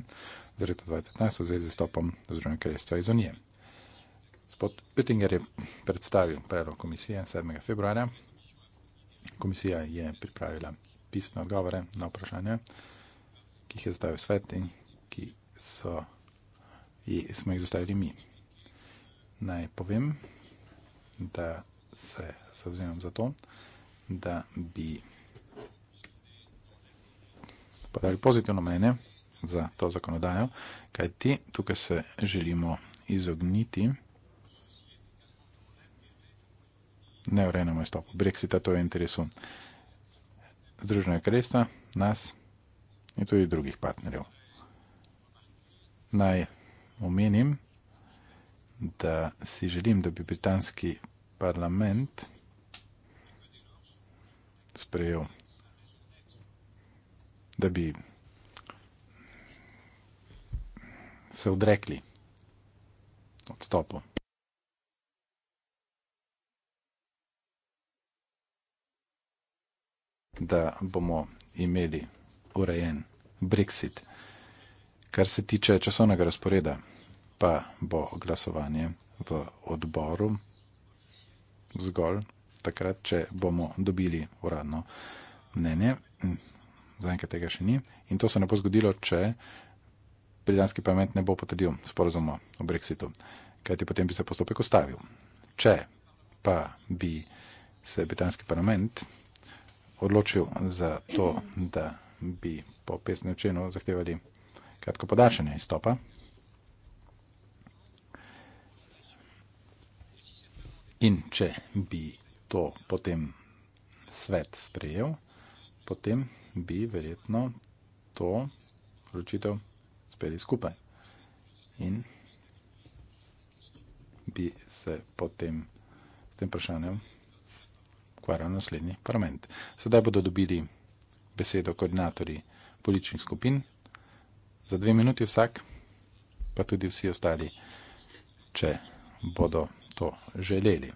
za leto 2015 v zvezi z stopom Združenega kraljestva iz Unije. Gospod Oettinger je predstavil predlog komisije 7. februarja. Komisija je pripravila pisne odgovore na vprašanje, ki jih je zastavil svet in ki so je, smo jih zastavili mi. Naj povem, da se zavzemam za to, da bi podali pozitivno mnenje za to zakonodajo, kajti tukaj se želimo izogniti neurejenemu izstopu Brexita, to je v interesu Združenega kresta, nas in tudi drugih partnerjev. Naj omenim, da si želim, da bi britanski parlament sprejel, da bi se odrekli odstopu. Da bomo imeli urejen Brexit. Kar se tiče časovnega razporeda, pa bo glasovanje v odboru zgolj takrat, če bomo dobili uradno mnenje. Mm, zaenkrat tega še ni. In to se ne bo zgodilo, če britanski parlament ne bo potrdil sporozuma o brexitu, kajti potem bi se postopek ustavil. Če pa bi se britanski parlament odločil za to, da bi po pesnem členu zahtevali kratko podaljšanje izstopa. In če bi to potem svet sprejel, potem bi verjetno to odločitev speli skupaj. In bi se potem s tem vprašanjem ukvarjal naslednji parlament. Sedaj bodo dobili besedo koordinatorji političnih skupin, za dve minuti vsak, pa tudi vsi ostali, če bodo to želeli.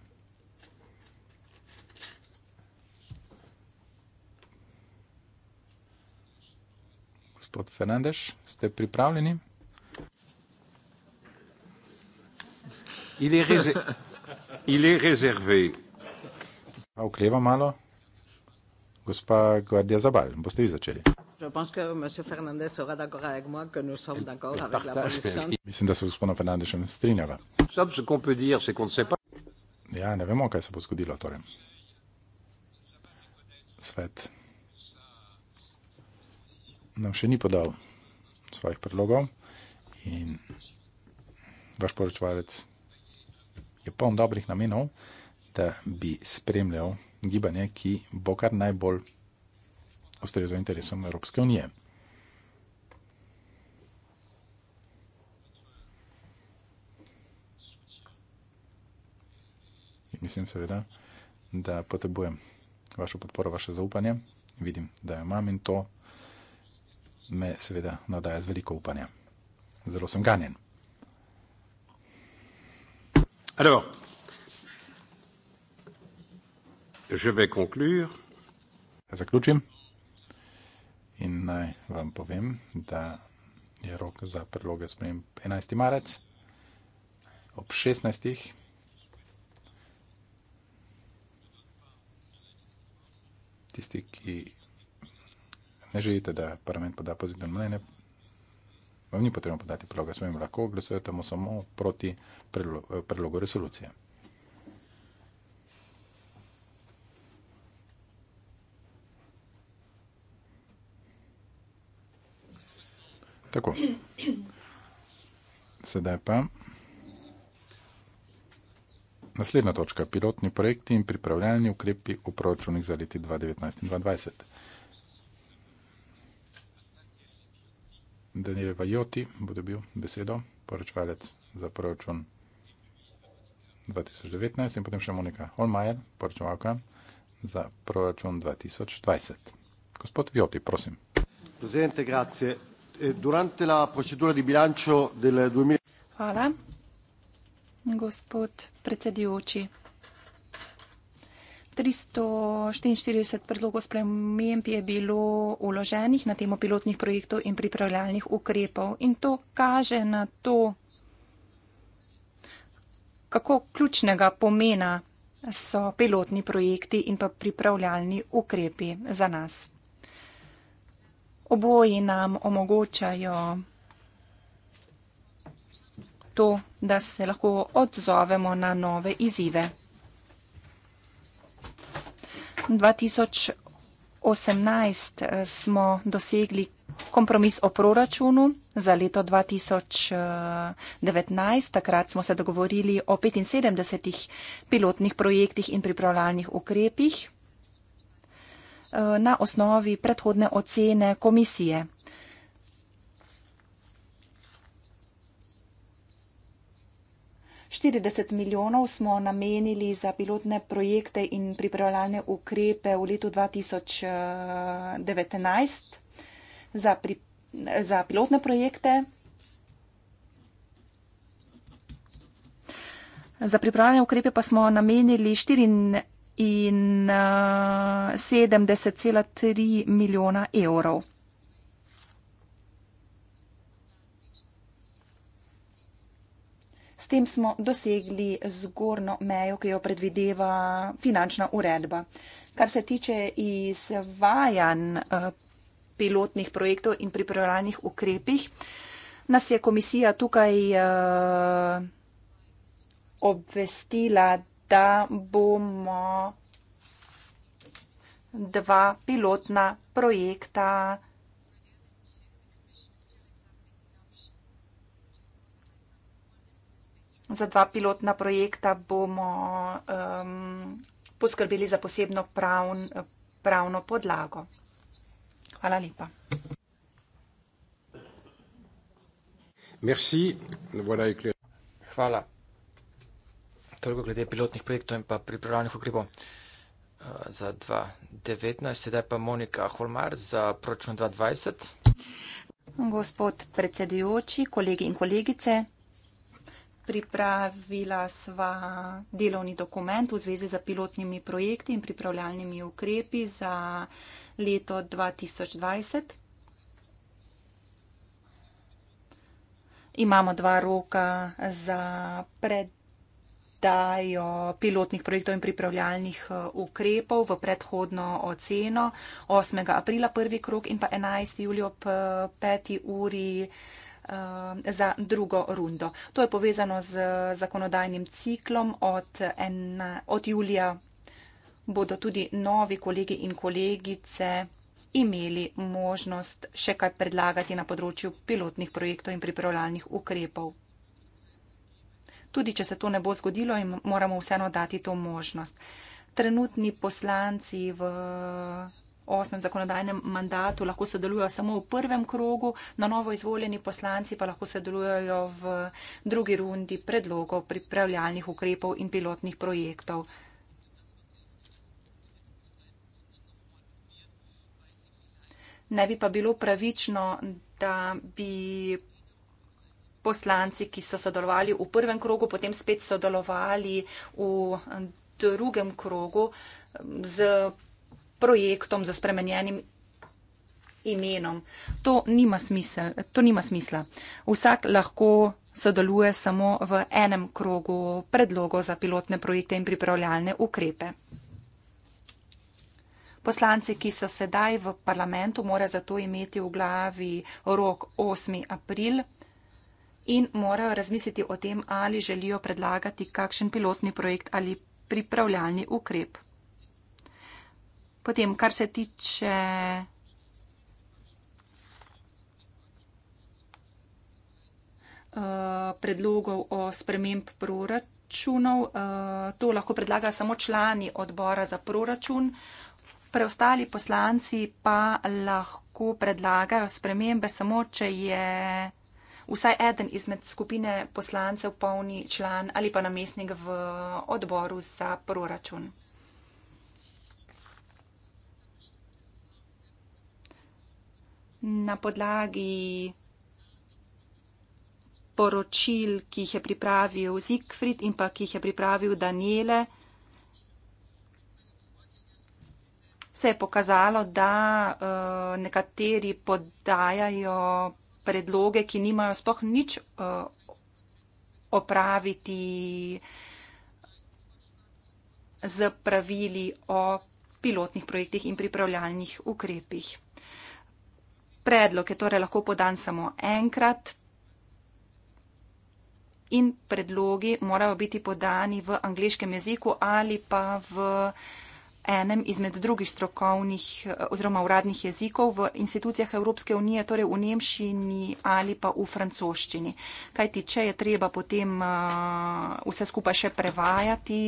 Gospod Fernandez, ste pripravljeni? Ili rezervi. Okleva malo. Gospa Guardia Zabal, boste vi začeli. Je pense que M. Fernandez sera d'accord avec moi que nous sommes d'accord avec la position. Sauf ce qu'on peut dire, c'est qu'on ne sait pas. Ja, ne vemo, kaj se bo zgodilo. Torej. Svet nam še ni podal svojih predlogov in vaš poročevalec je poln dobrih namenov, da bi spremljal gibanje, ki bo kar najbolj ustrezajo interesom Evropske unije. In mislim seveda, da potrebujem vašo podporo, vaše zaupanje. Vidim, da jo imam in to me seveda nadaja z veliko upanja. Zelo sem ganjen. Alors, je vais conclure. Zaključim. In naj vam povem, da je rok za predloge sprejem 11. marec ob 16. Tisti, ki ne želite, da parlament poda pozitivno mnenje, vam ni potrebno podati predloga sprejem, lahko glasujete samo proti predlogu resolucije. Tako. Sedaj pa. Naslednja točka. Pilotni projekti in pripravljalni ukrepi v proračunih za leti 2019 in 2020. Daniel Vajoti bo dobil besedo, poročevalec za proračun 2019 in potem še Monika Holmajer, poročevalka za proračun 2020. Gospod Vajoti, prosim. Za integracije Eh, durante la procedura di bilancio del 2000. Hvala. Gospod predsedujoči. 344 predlogov sprememb je bilo uloženih na temo pilotnih projektov in pripravljalnih ukrepov. In to kaže na to, kako ključnega pomena so pilotni projekti in pa pripravljalni ukrepi za nas oboji nam omogočajo to, da se lahko odzovemo na nove izzive. 2018 smo dosegli kompromis o proračunu za leto 2019. Takrat smo se dogovorili o 75 pilotnih projektih in pripravljalnih ukrepih. Eh, na osnovi predhodne ocene komisije. Štirideset milijonov smo namenili za pilotne projekte in pripravljalne ukrepe v letu 2019 eh, za, pri, za pilotne projekte. Za pripravljene ukrepe pa smo namenili in uh, eh, 70,3 milijona evrov. S tem smo dosegli zgornjo mejo, ki jo predvideva finančna uredba. Kar se tiče izvajanj eh, pilotnih projektov in pripravljalnih ukrepih, nas je komisija tukaj eh, obvestila, da bomo dva pilotna projekta Za dva pilotna projekta bomo um, poskrbeli za posebno pravn, pravno podlago. Hvala lepa. Merci. Voilà, Hvala toliko glede pilotnih projektov in pa pripravljenih ukrepov eh, za 2019. Sedaj pa Monika Holmar za proračun 2020. Gospod predsedujoči, kolegi in kolegice, pripravila sva delovni dokument v zvezi za pilotnimi projekti in pripravljalnimi ukrepi za leto 2020. Imamo dva roka za predstavljanje izdajo pilotnih projektov in pripravljalnih eh, ukrepov v predhodno oceno 8. aprila prvi krok in pa 11. julijo ob 5. Eh, uri eh, za drugo rundo. To je povezano z zakonodajnim ciklom. Od, ena, od julija bodo tudi novi kolegi in kolegice imeli možnost še kaj predlagati na področju pilotnih projektov in pripravljalnih ukrepov tudi če se to ne bo zgodilo in moramo vseeno dati to možnost. Trenutni poslanci v osmem zakonodajnem mandatu lahko sodelujo samo v prvem krogu, na novo izvoljeni poslanci pa lahko sodelujo v drugi rundi predlogov, pripravljalnih ukrepov in pilotnih projektov. Ne bi pa bilo pravično, da bi poslanci, ki so sodelovali v prvem krogu, potem spet sodelovali v drugem krogu z projektom za spremenjenim imenom. To nima, smisel, to nima smisla. Vsak lahko sodeluje samo v enem krogu predlogov za pilotne projekte in pripravljalne ukrepe. Poslanci, ki so sedaj v parlamentu, mora zato imeti v glavi rok 8. april in morajo razmisliti o tem, ali želijo predlagati kakšen pilotni projekt ali pripravljalni ukrep. Potem, kar se tiče uh, predlogov o sprememb proračunov, uh, to lahko predlagajo samo člani odbora za proračun, preostali poslanci pa lahko predlagajo spremembe samo, če je vsaj eden izmed skupine poslancev polni član ali pa namestnik v odboru za proračun. Na podlagi poročil, ki jih je pripravil Zigfrid in pa ki jih je pripravil Daniele, se je pokazalo, da uh, nekateri podajajo predloge, ki nimajo spoh nič uh, opraviti z pravili o pilotnih projektih in pripravljalnih ukrepih. Predlog je torej lahko podan samo enkrat in predlogi morajo biti podani v angliškem jeziku ali pa v uh, enem izmed drugih strokovnih eh, oziroma uradnih jezikov v institucijah Evropske unije, torej v nemščini ali pa v francoščini. Kaj ti, če je treba potem eh, vse skupaj še prevajati,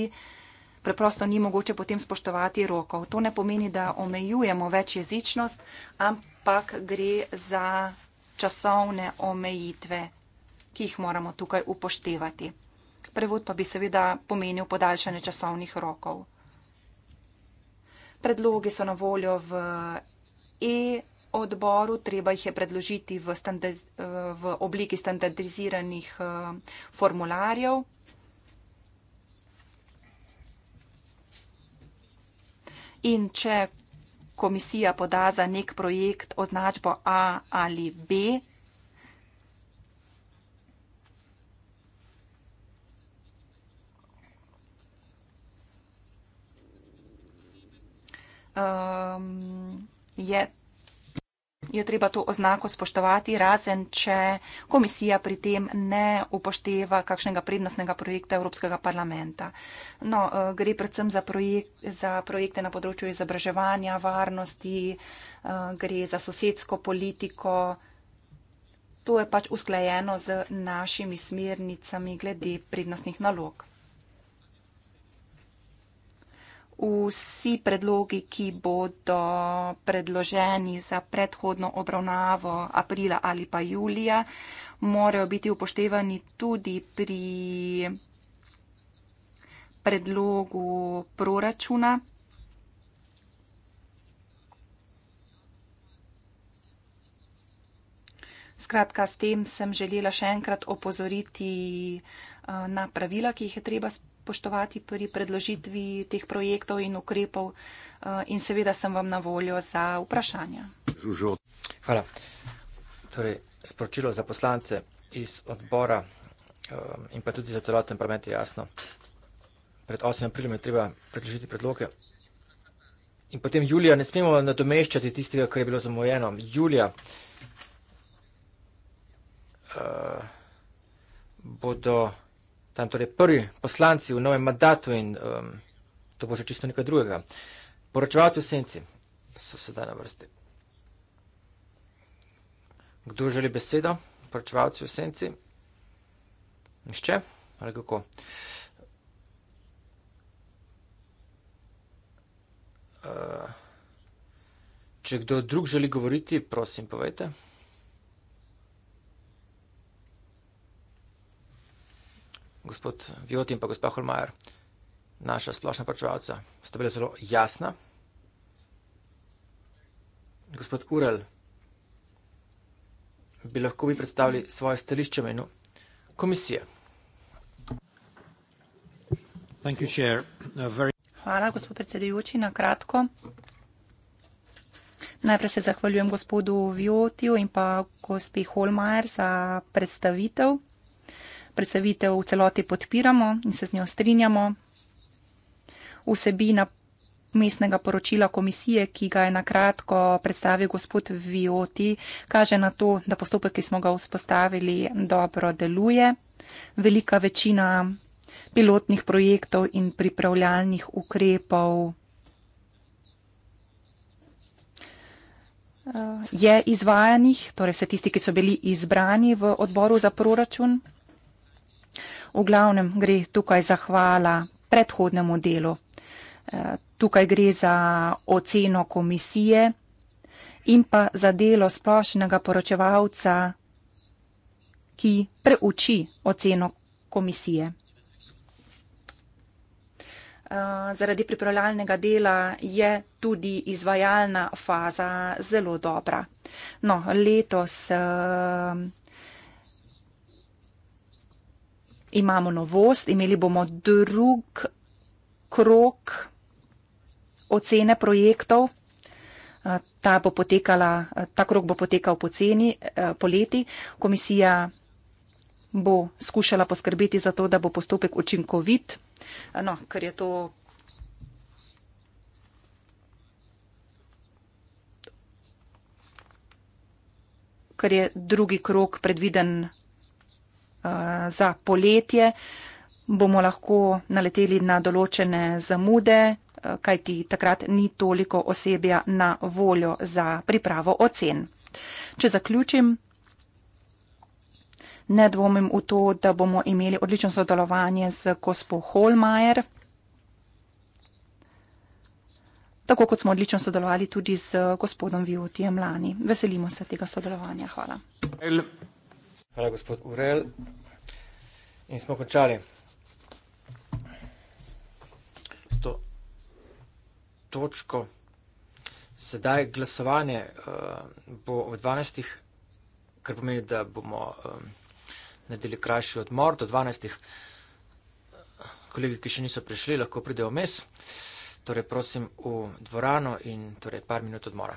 preprosto ni mogoče potem spoštovati rokov. To ne pomeni, da omejujemo večjezičnost, ampak gre za časovne omejitve, ki jih moramo tukaj upoštevati. Prevod pa bi seveda pomenil podaljšanje časovnih rokov. Predlogi so na voljo v e-odboru, treba jih je predložiti v, standa v obliki standardiziranih formularjev. In če komisija poda za nek projekt označbo A ali B, um, je, je treba to oznako spoštovati, razen če komisija pri tem ne upošteva kakšnega prednostnega projekta Evropskega parlamenta. No, uh, gre predvsem za, projek za projekte na področju izobraževanja, varnosti, uh, gre za sosedsko politiko. To je pač usklajeno z našimi smernicami glede prednostnih nalog vsi predlogi, ki bodo predloženi za predhodno obravnavo aprila ali pa julija, morajo biti upoštevani tudi pri predlogu proračuna. Skratka, s tem sem želela še enkrat opozoriti eh, na pravila, ki jih je treba spremeniti spoštovati pri predložitvi teh projektov in ukrepov eh, in seveda sem vam na voljo za vprašanja. Hvala. Torej, sporočilo za poslance iz odbora eh, in pa tudi za celoten parlament je jasno. Pred 8. aprilom je treba predložiti predloge. In potem julija ne smemo nadomeščati tistega, kar je bilo zamujeno. Julija uh, bodo tam torej prvi poslanci v novem mandatu in um, to bo še čisto nekaj drugega. Poročevalci v senci so sedaj na vrsti. Kdo želi besedo? Poročevalci v senci? Nihče? Ali kako? Uh, če kdo drug želi govoriti, prosim, povejte. gospod Vjot in pa gospod Holmajer, naša splošna pričevalca, sta bila zelo jasna. Gospod Urel, bi lahko vi predstavili svoje stališče menu komisije? Hvala, gospod predsedujoči, na kratko. Najprej se zahvaljujem gospodu Vjotiju in pa gospi Holmajer za predstavitev. Uh, predstavitev v celoti podpiramo in se z njo strinjamo. Vsebina mestnega poročila komisije, ki ga je nakratko predstavil gospod Vioti, kaže na to, da postopek, ki smo ga vzpostavili, dobro deluje. Velika večina pilotnih projektov in pripravljalnih ukrepov eh, je izvajanih, torej vse tisti, ki so bili izbrani v odboru za proračun. V glavnem gre tukaj za hvala predhodnemu delu. Eh, tukaj gre za oceno komisije in pa za delo splošnega poročevalca, ki preuči oceno komisije. Eh, zaradi pripravljalnega dela je tudi izvajalna faza zelo dobra. No, letos eh, imamo novost, imeli bomo drug krok ocene projektov. Eh, ta, bo potekala, eh, ta krok bo potekal po ceni eh, poleti. Komisija bo skušala poskrbeti za to, da bo postopek učinkovit, no, ker je to ker je drugi krok predviden Eh, za poletje, bomo lahko naleteli na določene zamude, eh, kajti takrat ni toliko osebja na voljo za pripravo ocen. Če zaključim, ne dvomim v to, da bomo imeli odlično sodelovanje z gospod Holmajer, tako kot smo odlično sodelovali tudi z gospodom Vjotijem lani. Veselimo se tega sodelovanja. Hvala. Hvala, gospod Urel. In smo končali. S to točko, sedaj glasovanje uh, bo v 12, kar pomeni, da bomo um, naredili krajši odmor do 12. Kolegi, ki še niso prišli, lahko pridejo vmes. Torej, prosim v dvorano in torej par minut odmora.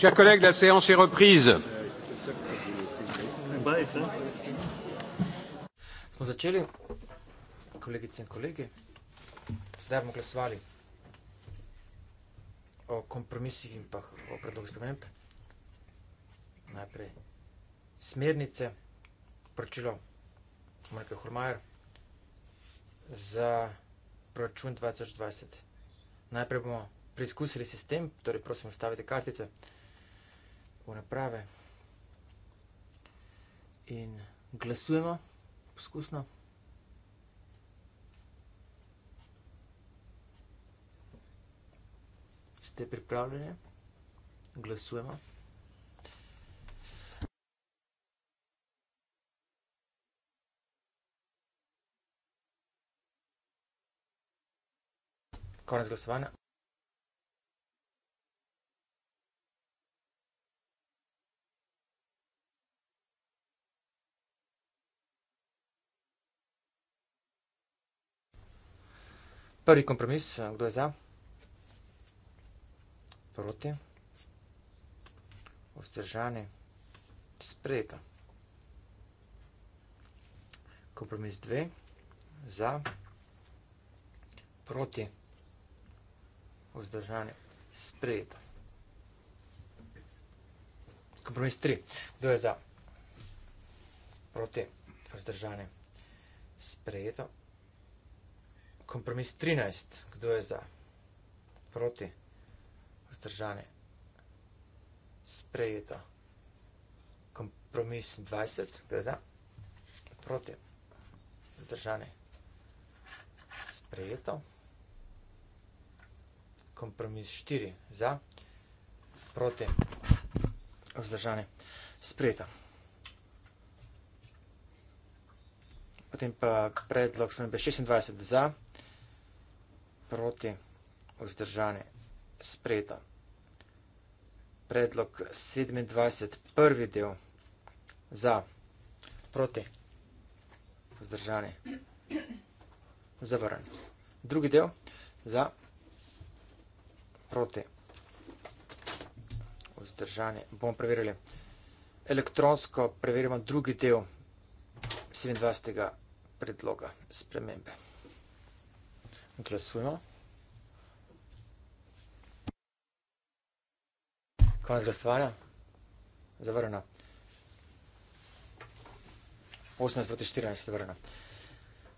Chers collègues, la séance est reprise. Smo začeli, kolegice in kolegi. Sedaj bomo glasovali o kompromisih in pa o predlogu sprememb. Najprej smernice, poročilo Marka Hormajer za proračun 2020. Najprej bomo preizkusili sistem, torej prosim, stavite kartice v naprave in glasujemo poskusno. Ste pripravljeni? Glasujemo. Konec glasovanja. Prvi kompromis, kdo je za? Proti. Vzdržani. Sprejeto. Kompromis dve. Za. Proti. Vzdržani. Sprejeto. Kompromis tri. Kdo je za? Proti. Vzdržani. Sprejeto. Kompromis 13. Kdo je za? Proti? Vzdržani? Sprejeto. Kompromis 20. Kdo je za? Proti? Vzdržani? Sprejeto. Kompromis 4. Za? Proti? Vzdržani? Sprejeto. Potem pa predlog smo imeli 26 za, proti, vzdržane, spreta. Predlog 27, prvi del, za, proti, vzdržane, zavrn. Drugi del, za, proti, vzdržane, bomo preverili. Elektronsko preverimo drugi del 27. predloga spremembe. Glasujemo. Konec glasovanja. Zavrnjeno. 18 proti 14, zavrnjeno.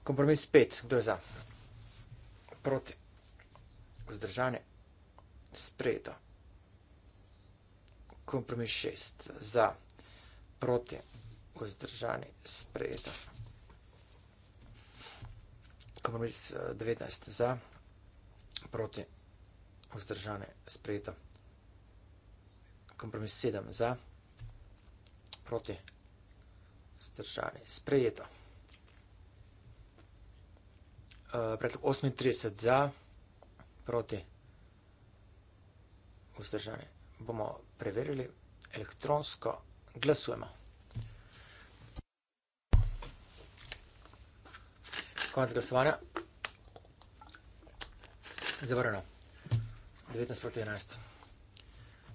Kompromis 5. Kdo je za? Proti. Vzdržanje. Sprejeto. Kompromis 6. Za. Proti. Vzdržanje. Sprejeto kompromis 19 eh, za, proti vzdržane sprejeto. Kompromis 7 za, proti vzdržane sprejeto. Eh, predlog 38 za, proti vzdržane. Bomo preverili elektronsko glasujemo. Konec glasovanja. Zavrnjeno. 19 proti 11.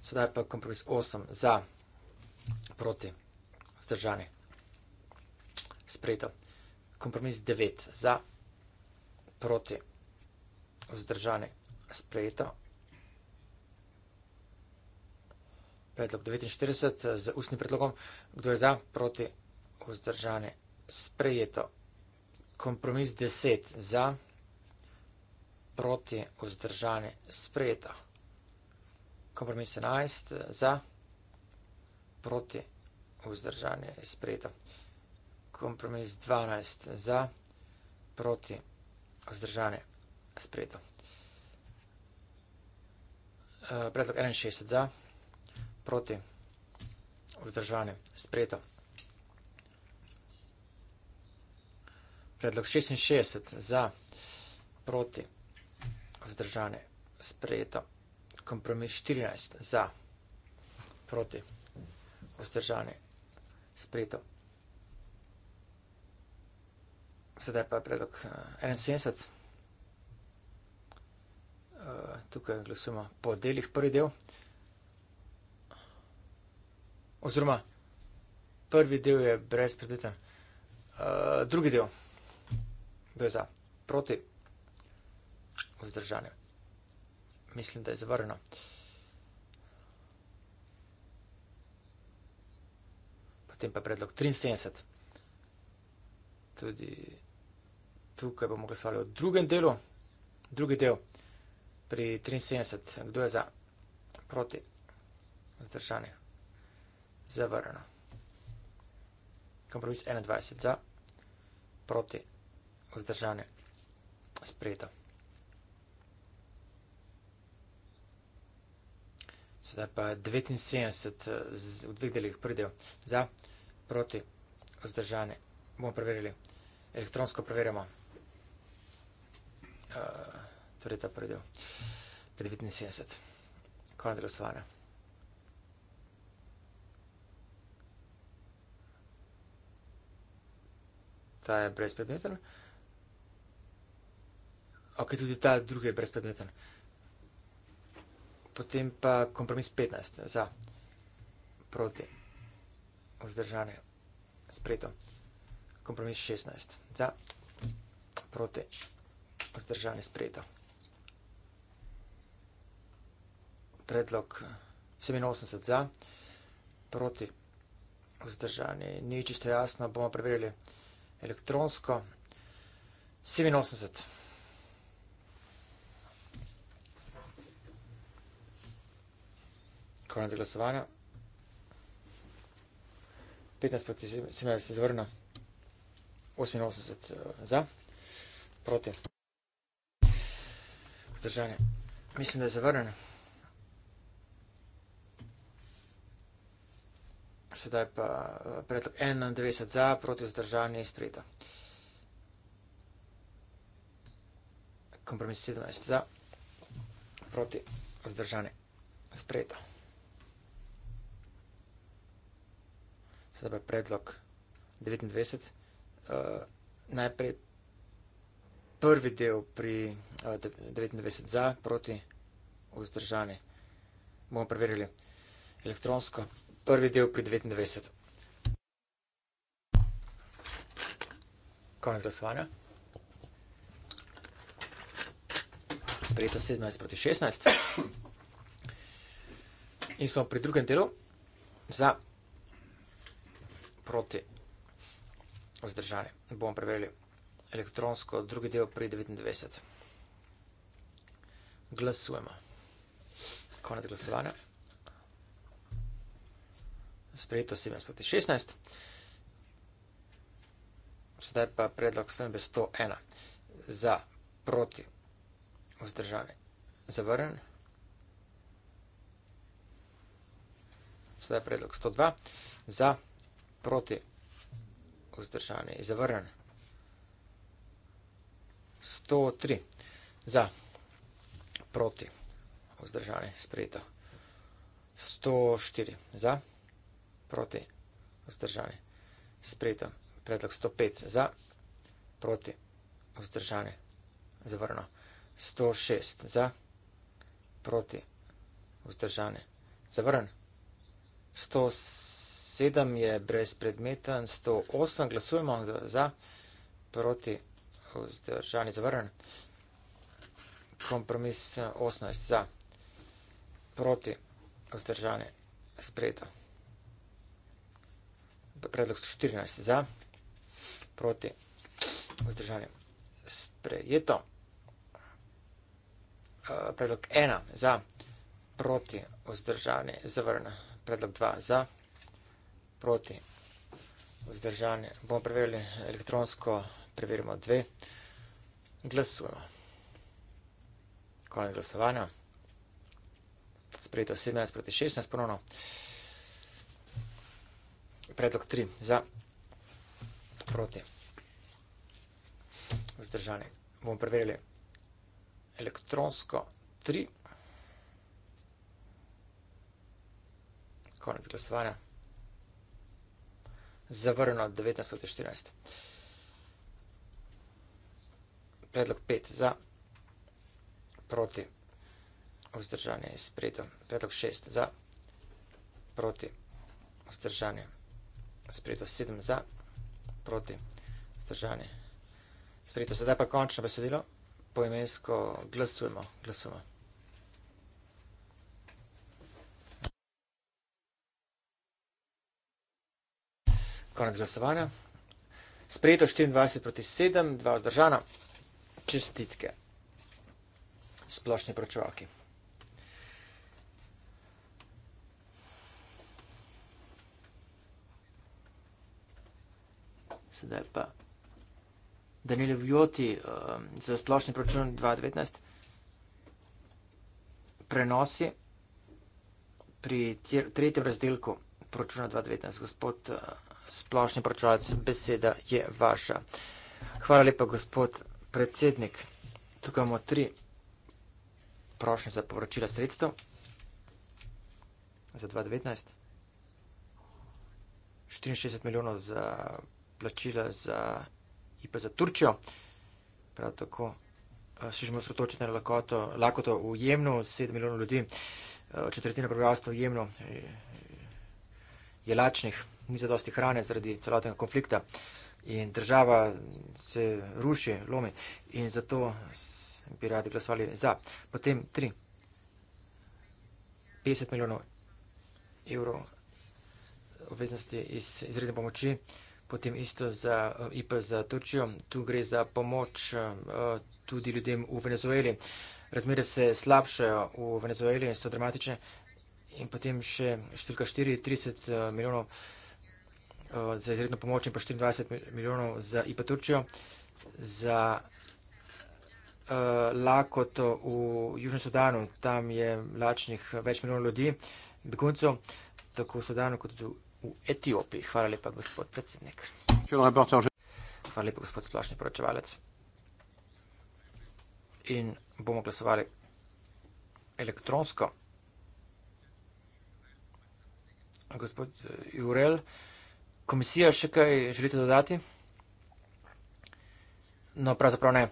Sedaj pa kompromis 8 za proti vzdržani. Sprejeto. Kompromis 9 za proti vzdržani. Sprejeto. Predlog 49 z ustnim predlogom. Kdo je za proti vzdržani? Sprejeto kompromis 10 za, proti, vzdržane, sprejeta. Kompromis 11 eh, za, proti, vzdržane, sprejeta. Kompromis 12 eh, za, proti, vzdržane, sprejeta. Eh, predlog 61 za, proti, vzdržane, sprejeta. Predlog 66 za, proti, vzdržane, sprejeto. Kompromis 14 za, proti, vzdržane, sprejeto. Sedaj pa je predlog 71. Eh, eh, tukaj glasujemo po delih prvi del. Oziroma, prvi del je brez predmeten. Eh, drugi del je. Kdo je za? Proti? Vzdržanje. Mislim, da je zavrno. Potem pa predlog 73. Tudi tukaj bomo glasovali o drugem delu. Drugi del pri 73. Kdo je za? Proti? Vzdržanje. Zavrno. Kompromis 21 za, proti vzdržanje, sprejeto. Sedaj pa 79 eh, v dveh delih pridejo za, proti, vzdržanje. Bomo preverili, elektronsko preverjamo. Eh, torej ta pridejo pri 79. Konec glasovanja. Ta je brezpredmeten. Ok, tudi ta drugi je brezpredmeten. Potem pa kompromis 15 za, proti, vzdržane, spreto. Kompromis 16 za, proti, vzdržane, spreto. Predlog 87 za, proti, vzdržane, ni čisto jasno, bomo preverili elektronsko. 87 za. konec glasovanja. 15 proti 17 zvrna, 88 za, proti. Zdržanje. Mislim, da je zavrnjeno. Sedaj pa eh, predlog 91 za, proti vzdržanje in sprejeta. Kompromis 17 za, proti vzdržanje in sprejeta. sebe predlog 29. Uh, eh, najprej prvi del pri uh, eh, 29 za, proti vzdržani. Bomo preverili elektronsko. Prvi del pri 29. Konec glasovanja. Sprejeto 17 proti 16. In smo pri drugem delu za proti vzdržanju. Bomo preverili elektronsko, drugi del pri 99. Glasujemo. Konec glasovanja. Sprejeto 17 proti 16. Sedaj pa predlog spremembe 101. Za proti vzdržanje. Zavrnen. Sedaj predlog 102. Za proti vzdržanje proti vzdržanju, je zavrnjen. 103 za, proti vzdržanju, sprejeto. 104 za, proti vzdržanju, sprejeto. Predlog 105 za, proti vzdržanju, zavrnjeno. 106 za, proti vzdržanju, zavrnjeno. 107. Sedem je brezpredmeten, 108 glasujemo za, proti, vzdržani, zavrn. Kompromis 18 za, proti, vzdržani, sprejeta. Predlog 114 za, proti, vzdržani, sprejeto. Predlog 1 za, proti, vzdržani, zavrn. Predlog 2 za proti vzdržanje. Bomo preverili elektronsko, preverimo dve. Glasujemo. Konec glasovanja. Sprejeto 17 proti 16 ponovno. Predlog 3 za proti vzdržanje. Bomo preverili elektronsko 3. Konec glasovanja zavrnjeno 19 proti 14. Predlog 5 za, proti, vzdržanje je sprejeto. Predlog 6 za, proti, vzdržanje je sprejeto. 7 za, proti, vzdržanje je sprejeto. Sedaj pa končno besedilo, poimensko glasujemo, glasujemo. Konec glasovanja. Sprejeto 24 proti 7, 2 vzdržana. Čestitke. Splošni pročevalki. Sedaj pa Danil Vjoti um, za splošni pročun 2019 prenosi pri tretjem razdelku pročuna 2019. Gospod uh, splošni pročevalci, beseda je vaša. Hvala lepa, gospod predsednik. Tukaj imamo tri prošnje za povračila sredstev za 2019. 64 milijonov za plačila za IP za Turčijo. Prav tako eh, se že osredotočiti na lakoto, lakoto v Jemnu, 7 milijonov ljudi, eh, četrtina prebivalstva v Jemnu eh, je lačnih ni za dosti hrane zaradi celotnega konflikta in država se ruši, lomi in zato bi radi glasovali za. Potem tri, 50 milijonov evrov obveznosti iz izredne pomoči, potem isto za IP za Turčijo, tu gre za pomoč eh, tudi ljudem v Venezueli. Razmere se slabšajo v Venezueli, so dramatične. In potem še številka 4, 30 eh, milijonov evrov Eh, za izredno pomoč in pa 24 milijonov za IPA Turčijo, za eh, lakoto v Južnem Sudanu, tam je lačnih več milijonov ljudi, beguncov, tako v Sudanu kot tudi v Etiopiji. Hvala lepa, gospod predsednik. Hvala lepa, gospod splašni poročevalec. In bomo glasovali elektronsko. Gospod eh, Jurel, uh, komisija še kaj želite dodati? No, pravzaprav ne.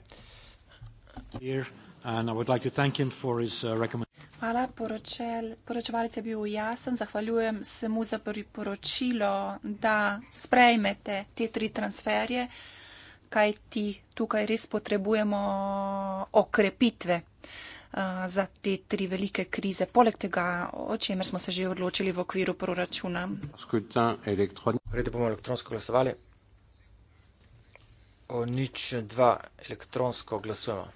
Like his, uh, Hvala, poročevalec je bil jasen. Zahvaljujem se mu za priporočilo, da sprejmete te tri transferje, kaj ti tukaj res potrebujemo okrepitve. Eh, za te tri velike krize, poleg tega, o čemer smo se že odločili v okviru proračuna. Vrede bomo elektronsko glasovali. O nič dva elektronsko glasujemo.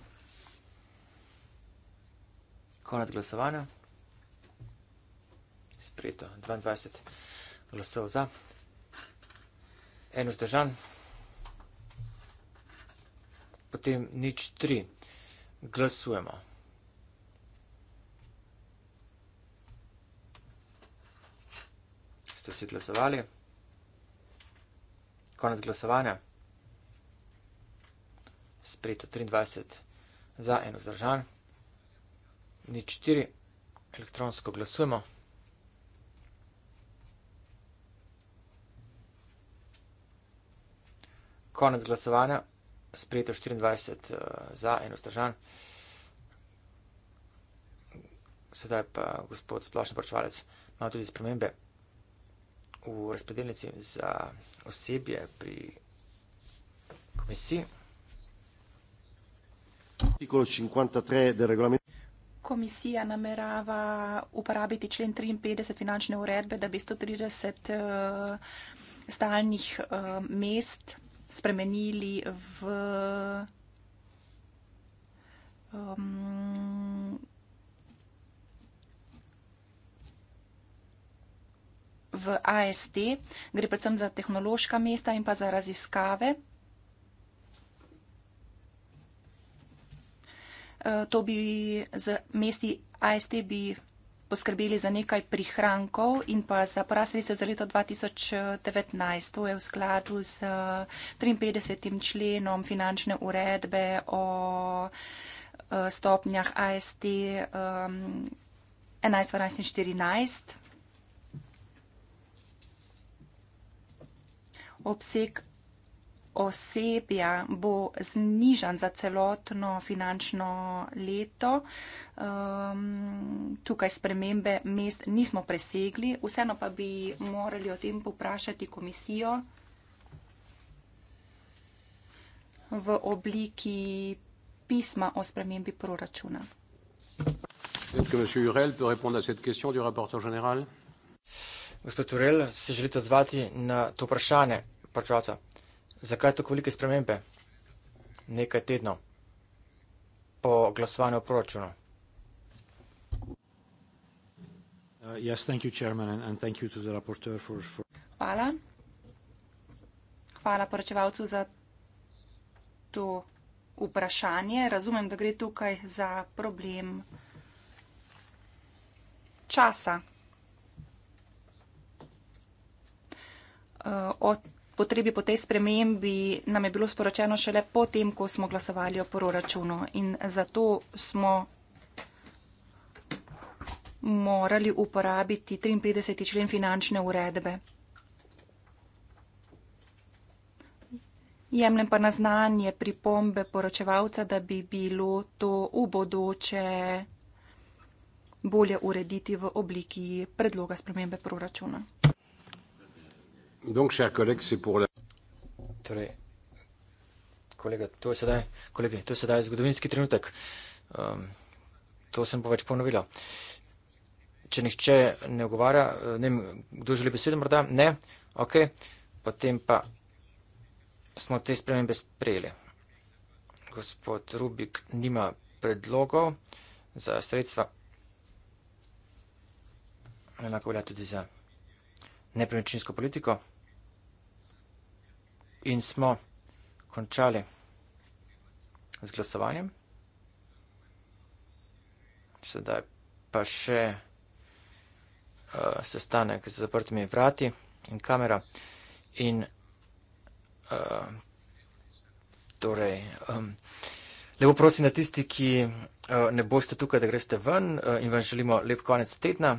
Konec glasovanja. Sprejeto. 22 glasov za. Eno zdržan. Potem nič tri. Glasujemo. ste vsi glasovali. Konec glasovanja. Sprejeto 23 za en vzdržan. Nič 4. Elektronsko glasujemo. Konec glasovanja. Sprejeto 24 eh, za en vzdržan. Sedaj pa gospod splošni poročevalec ima tudi spremembe v razpredelnici za osebje pri komisiji. Komisija namerava uporabiti člen 53 finančne uredbe, da bi 130 eh, stalnih eh, mest spremenili v v AST, gre predvsem za tehnološka mesta in pa za raziskave. E, to bi z mesti AST bi poskrbeli za nekaj prihrankov in pa za prasredstvo za leto 2019. To je v skladu z 53. členom finančne uredbe o e, stopnjah AST 11, 12 in 14. obseg osebja bo znižan za celotno finančno leto. Um, tukaj spremembe mest nismo presegli, vseeno pa bi morali o tem poprašati komisijo v obliki pisma o spremembi proračuna. Gospod Turel, se želite odzvati na to vprašanje? vprašati, zakaj tako velike spremembe? Nekaj tednov po glasovanju o proračunu. Uh, yes, thank you, chairman, and, and thank you to the rapporteur for, for... Hvala. Hvala poročevalcu za to vprašanje. Razumem, da gre tukaj za problem časa. Uh, od potrebi po tej spremembi nam je bilo sporočeno šele potem, ko smo glasovali o proračunu in zato smo morali uporabiti 53. člen finančne uredbe. Jemljem pa na znanje pripombe poročevalca, da bi bilo to v bodoče bolje urediti v obliki predloga spremembe proračuna. Donc, chers collègues, c'est pour la. Torej, kolega, to je sedaj, kolegi, to je sedaj zgodovinski trenutek. Um, to sem pa več ponovila. Če nihče ne ogovarja, eh, ne vem, kdo želi besedo, morda ne, ok, potem pa smo te spremembe sprejeli. Gospod Rubik nima predlogov za sredstva. Enako velja tudi za nepremičninsko politiko. In smo končali z glasovanjem. Sedaj pa še uh, sestanek z zaprtimi vrati in kamera. In uh, torej, um, lepo prosim na tisti, ki uh, ne boste tukaj, da greste ven uh, in vam želimo lep konec tedna.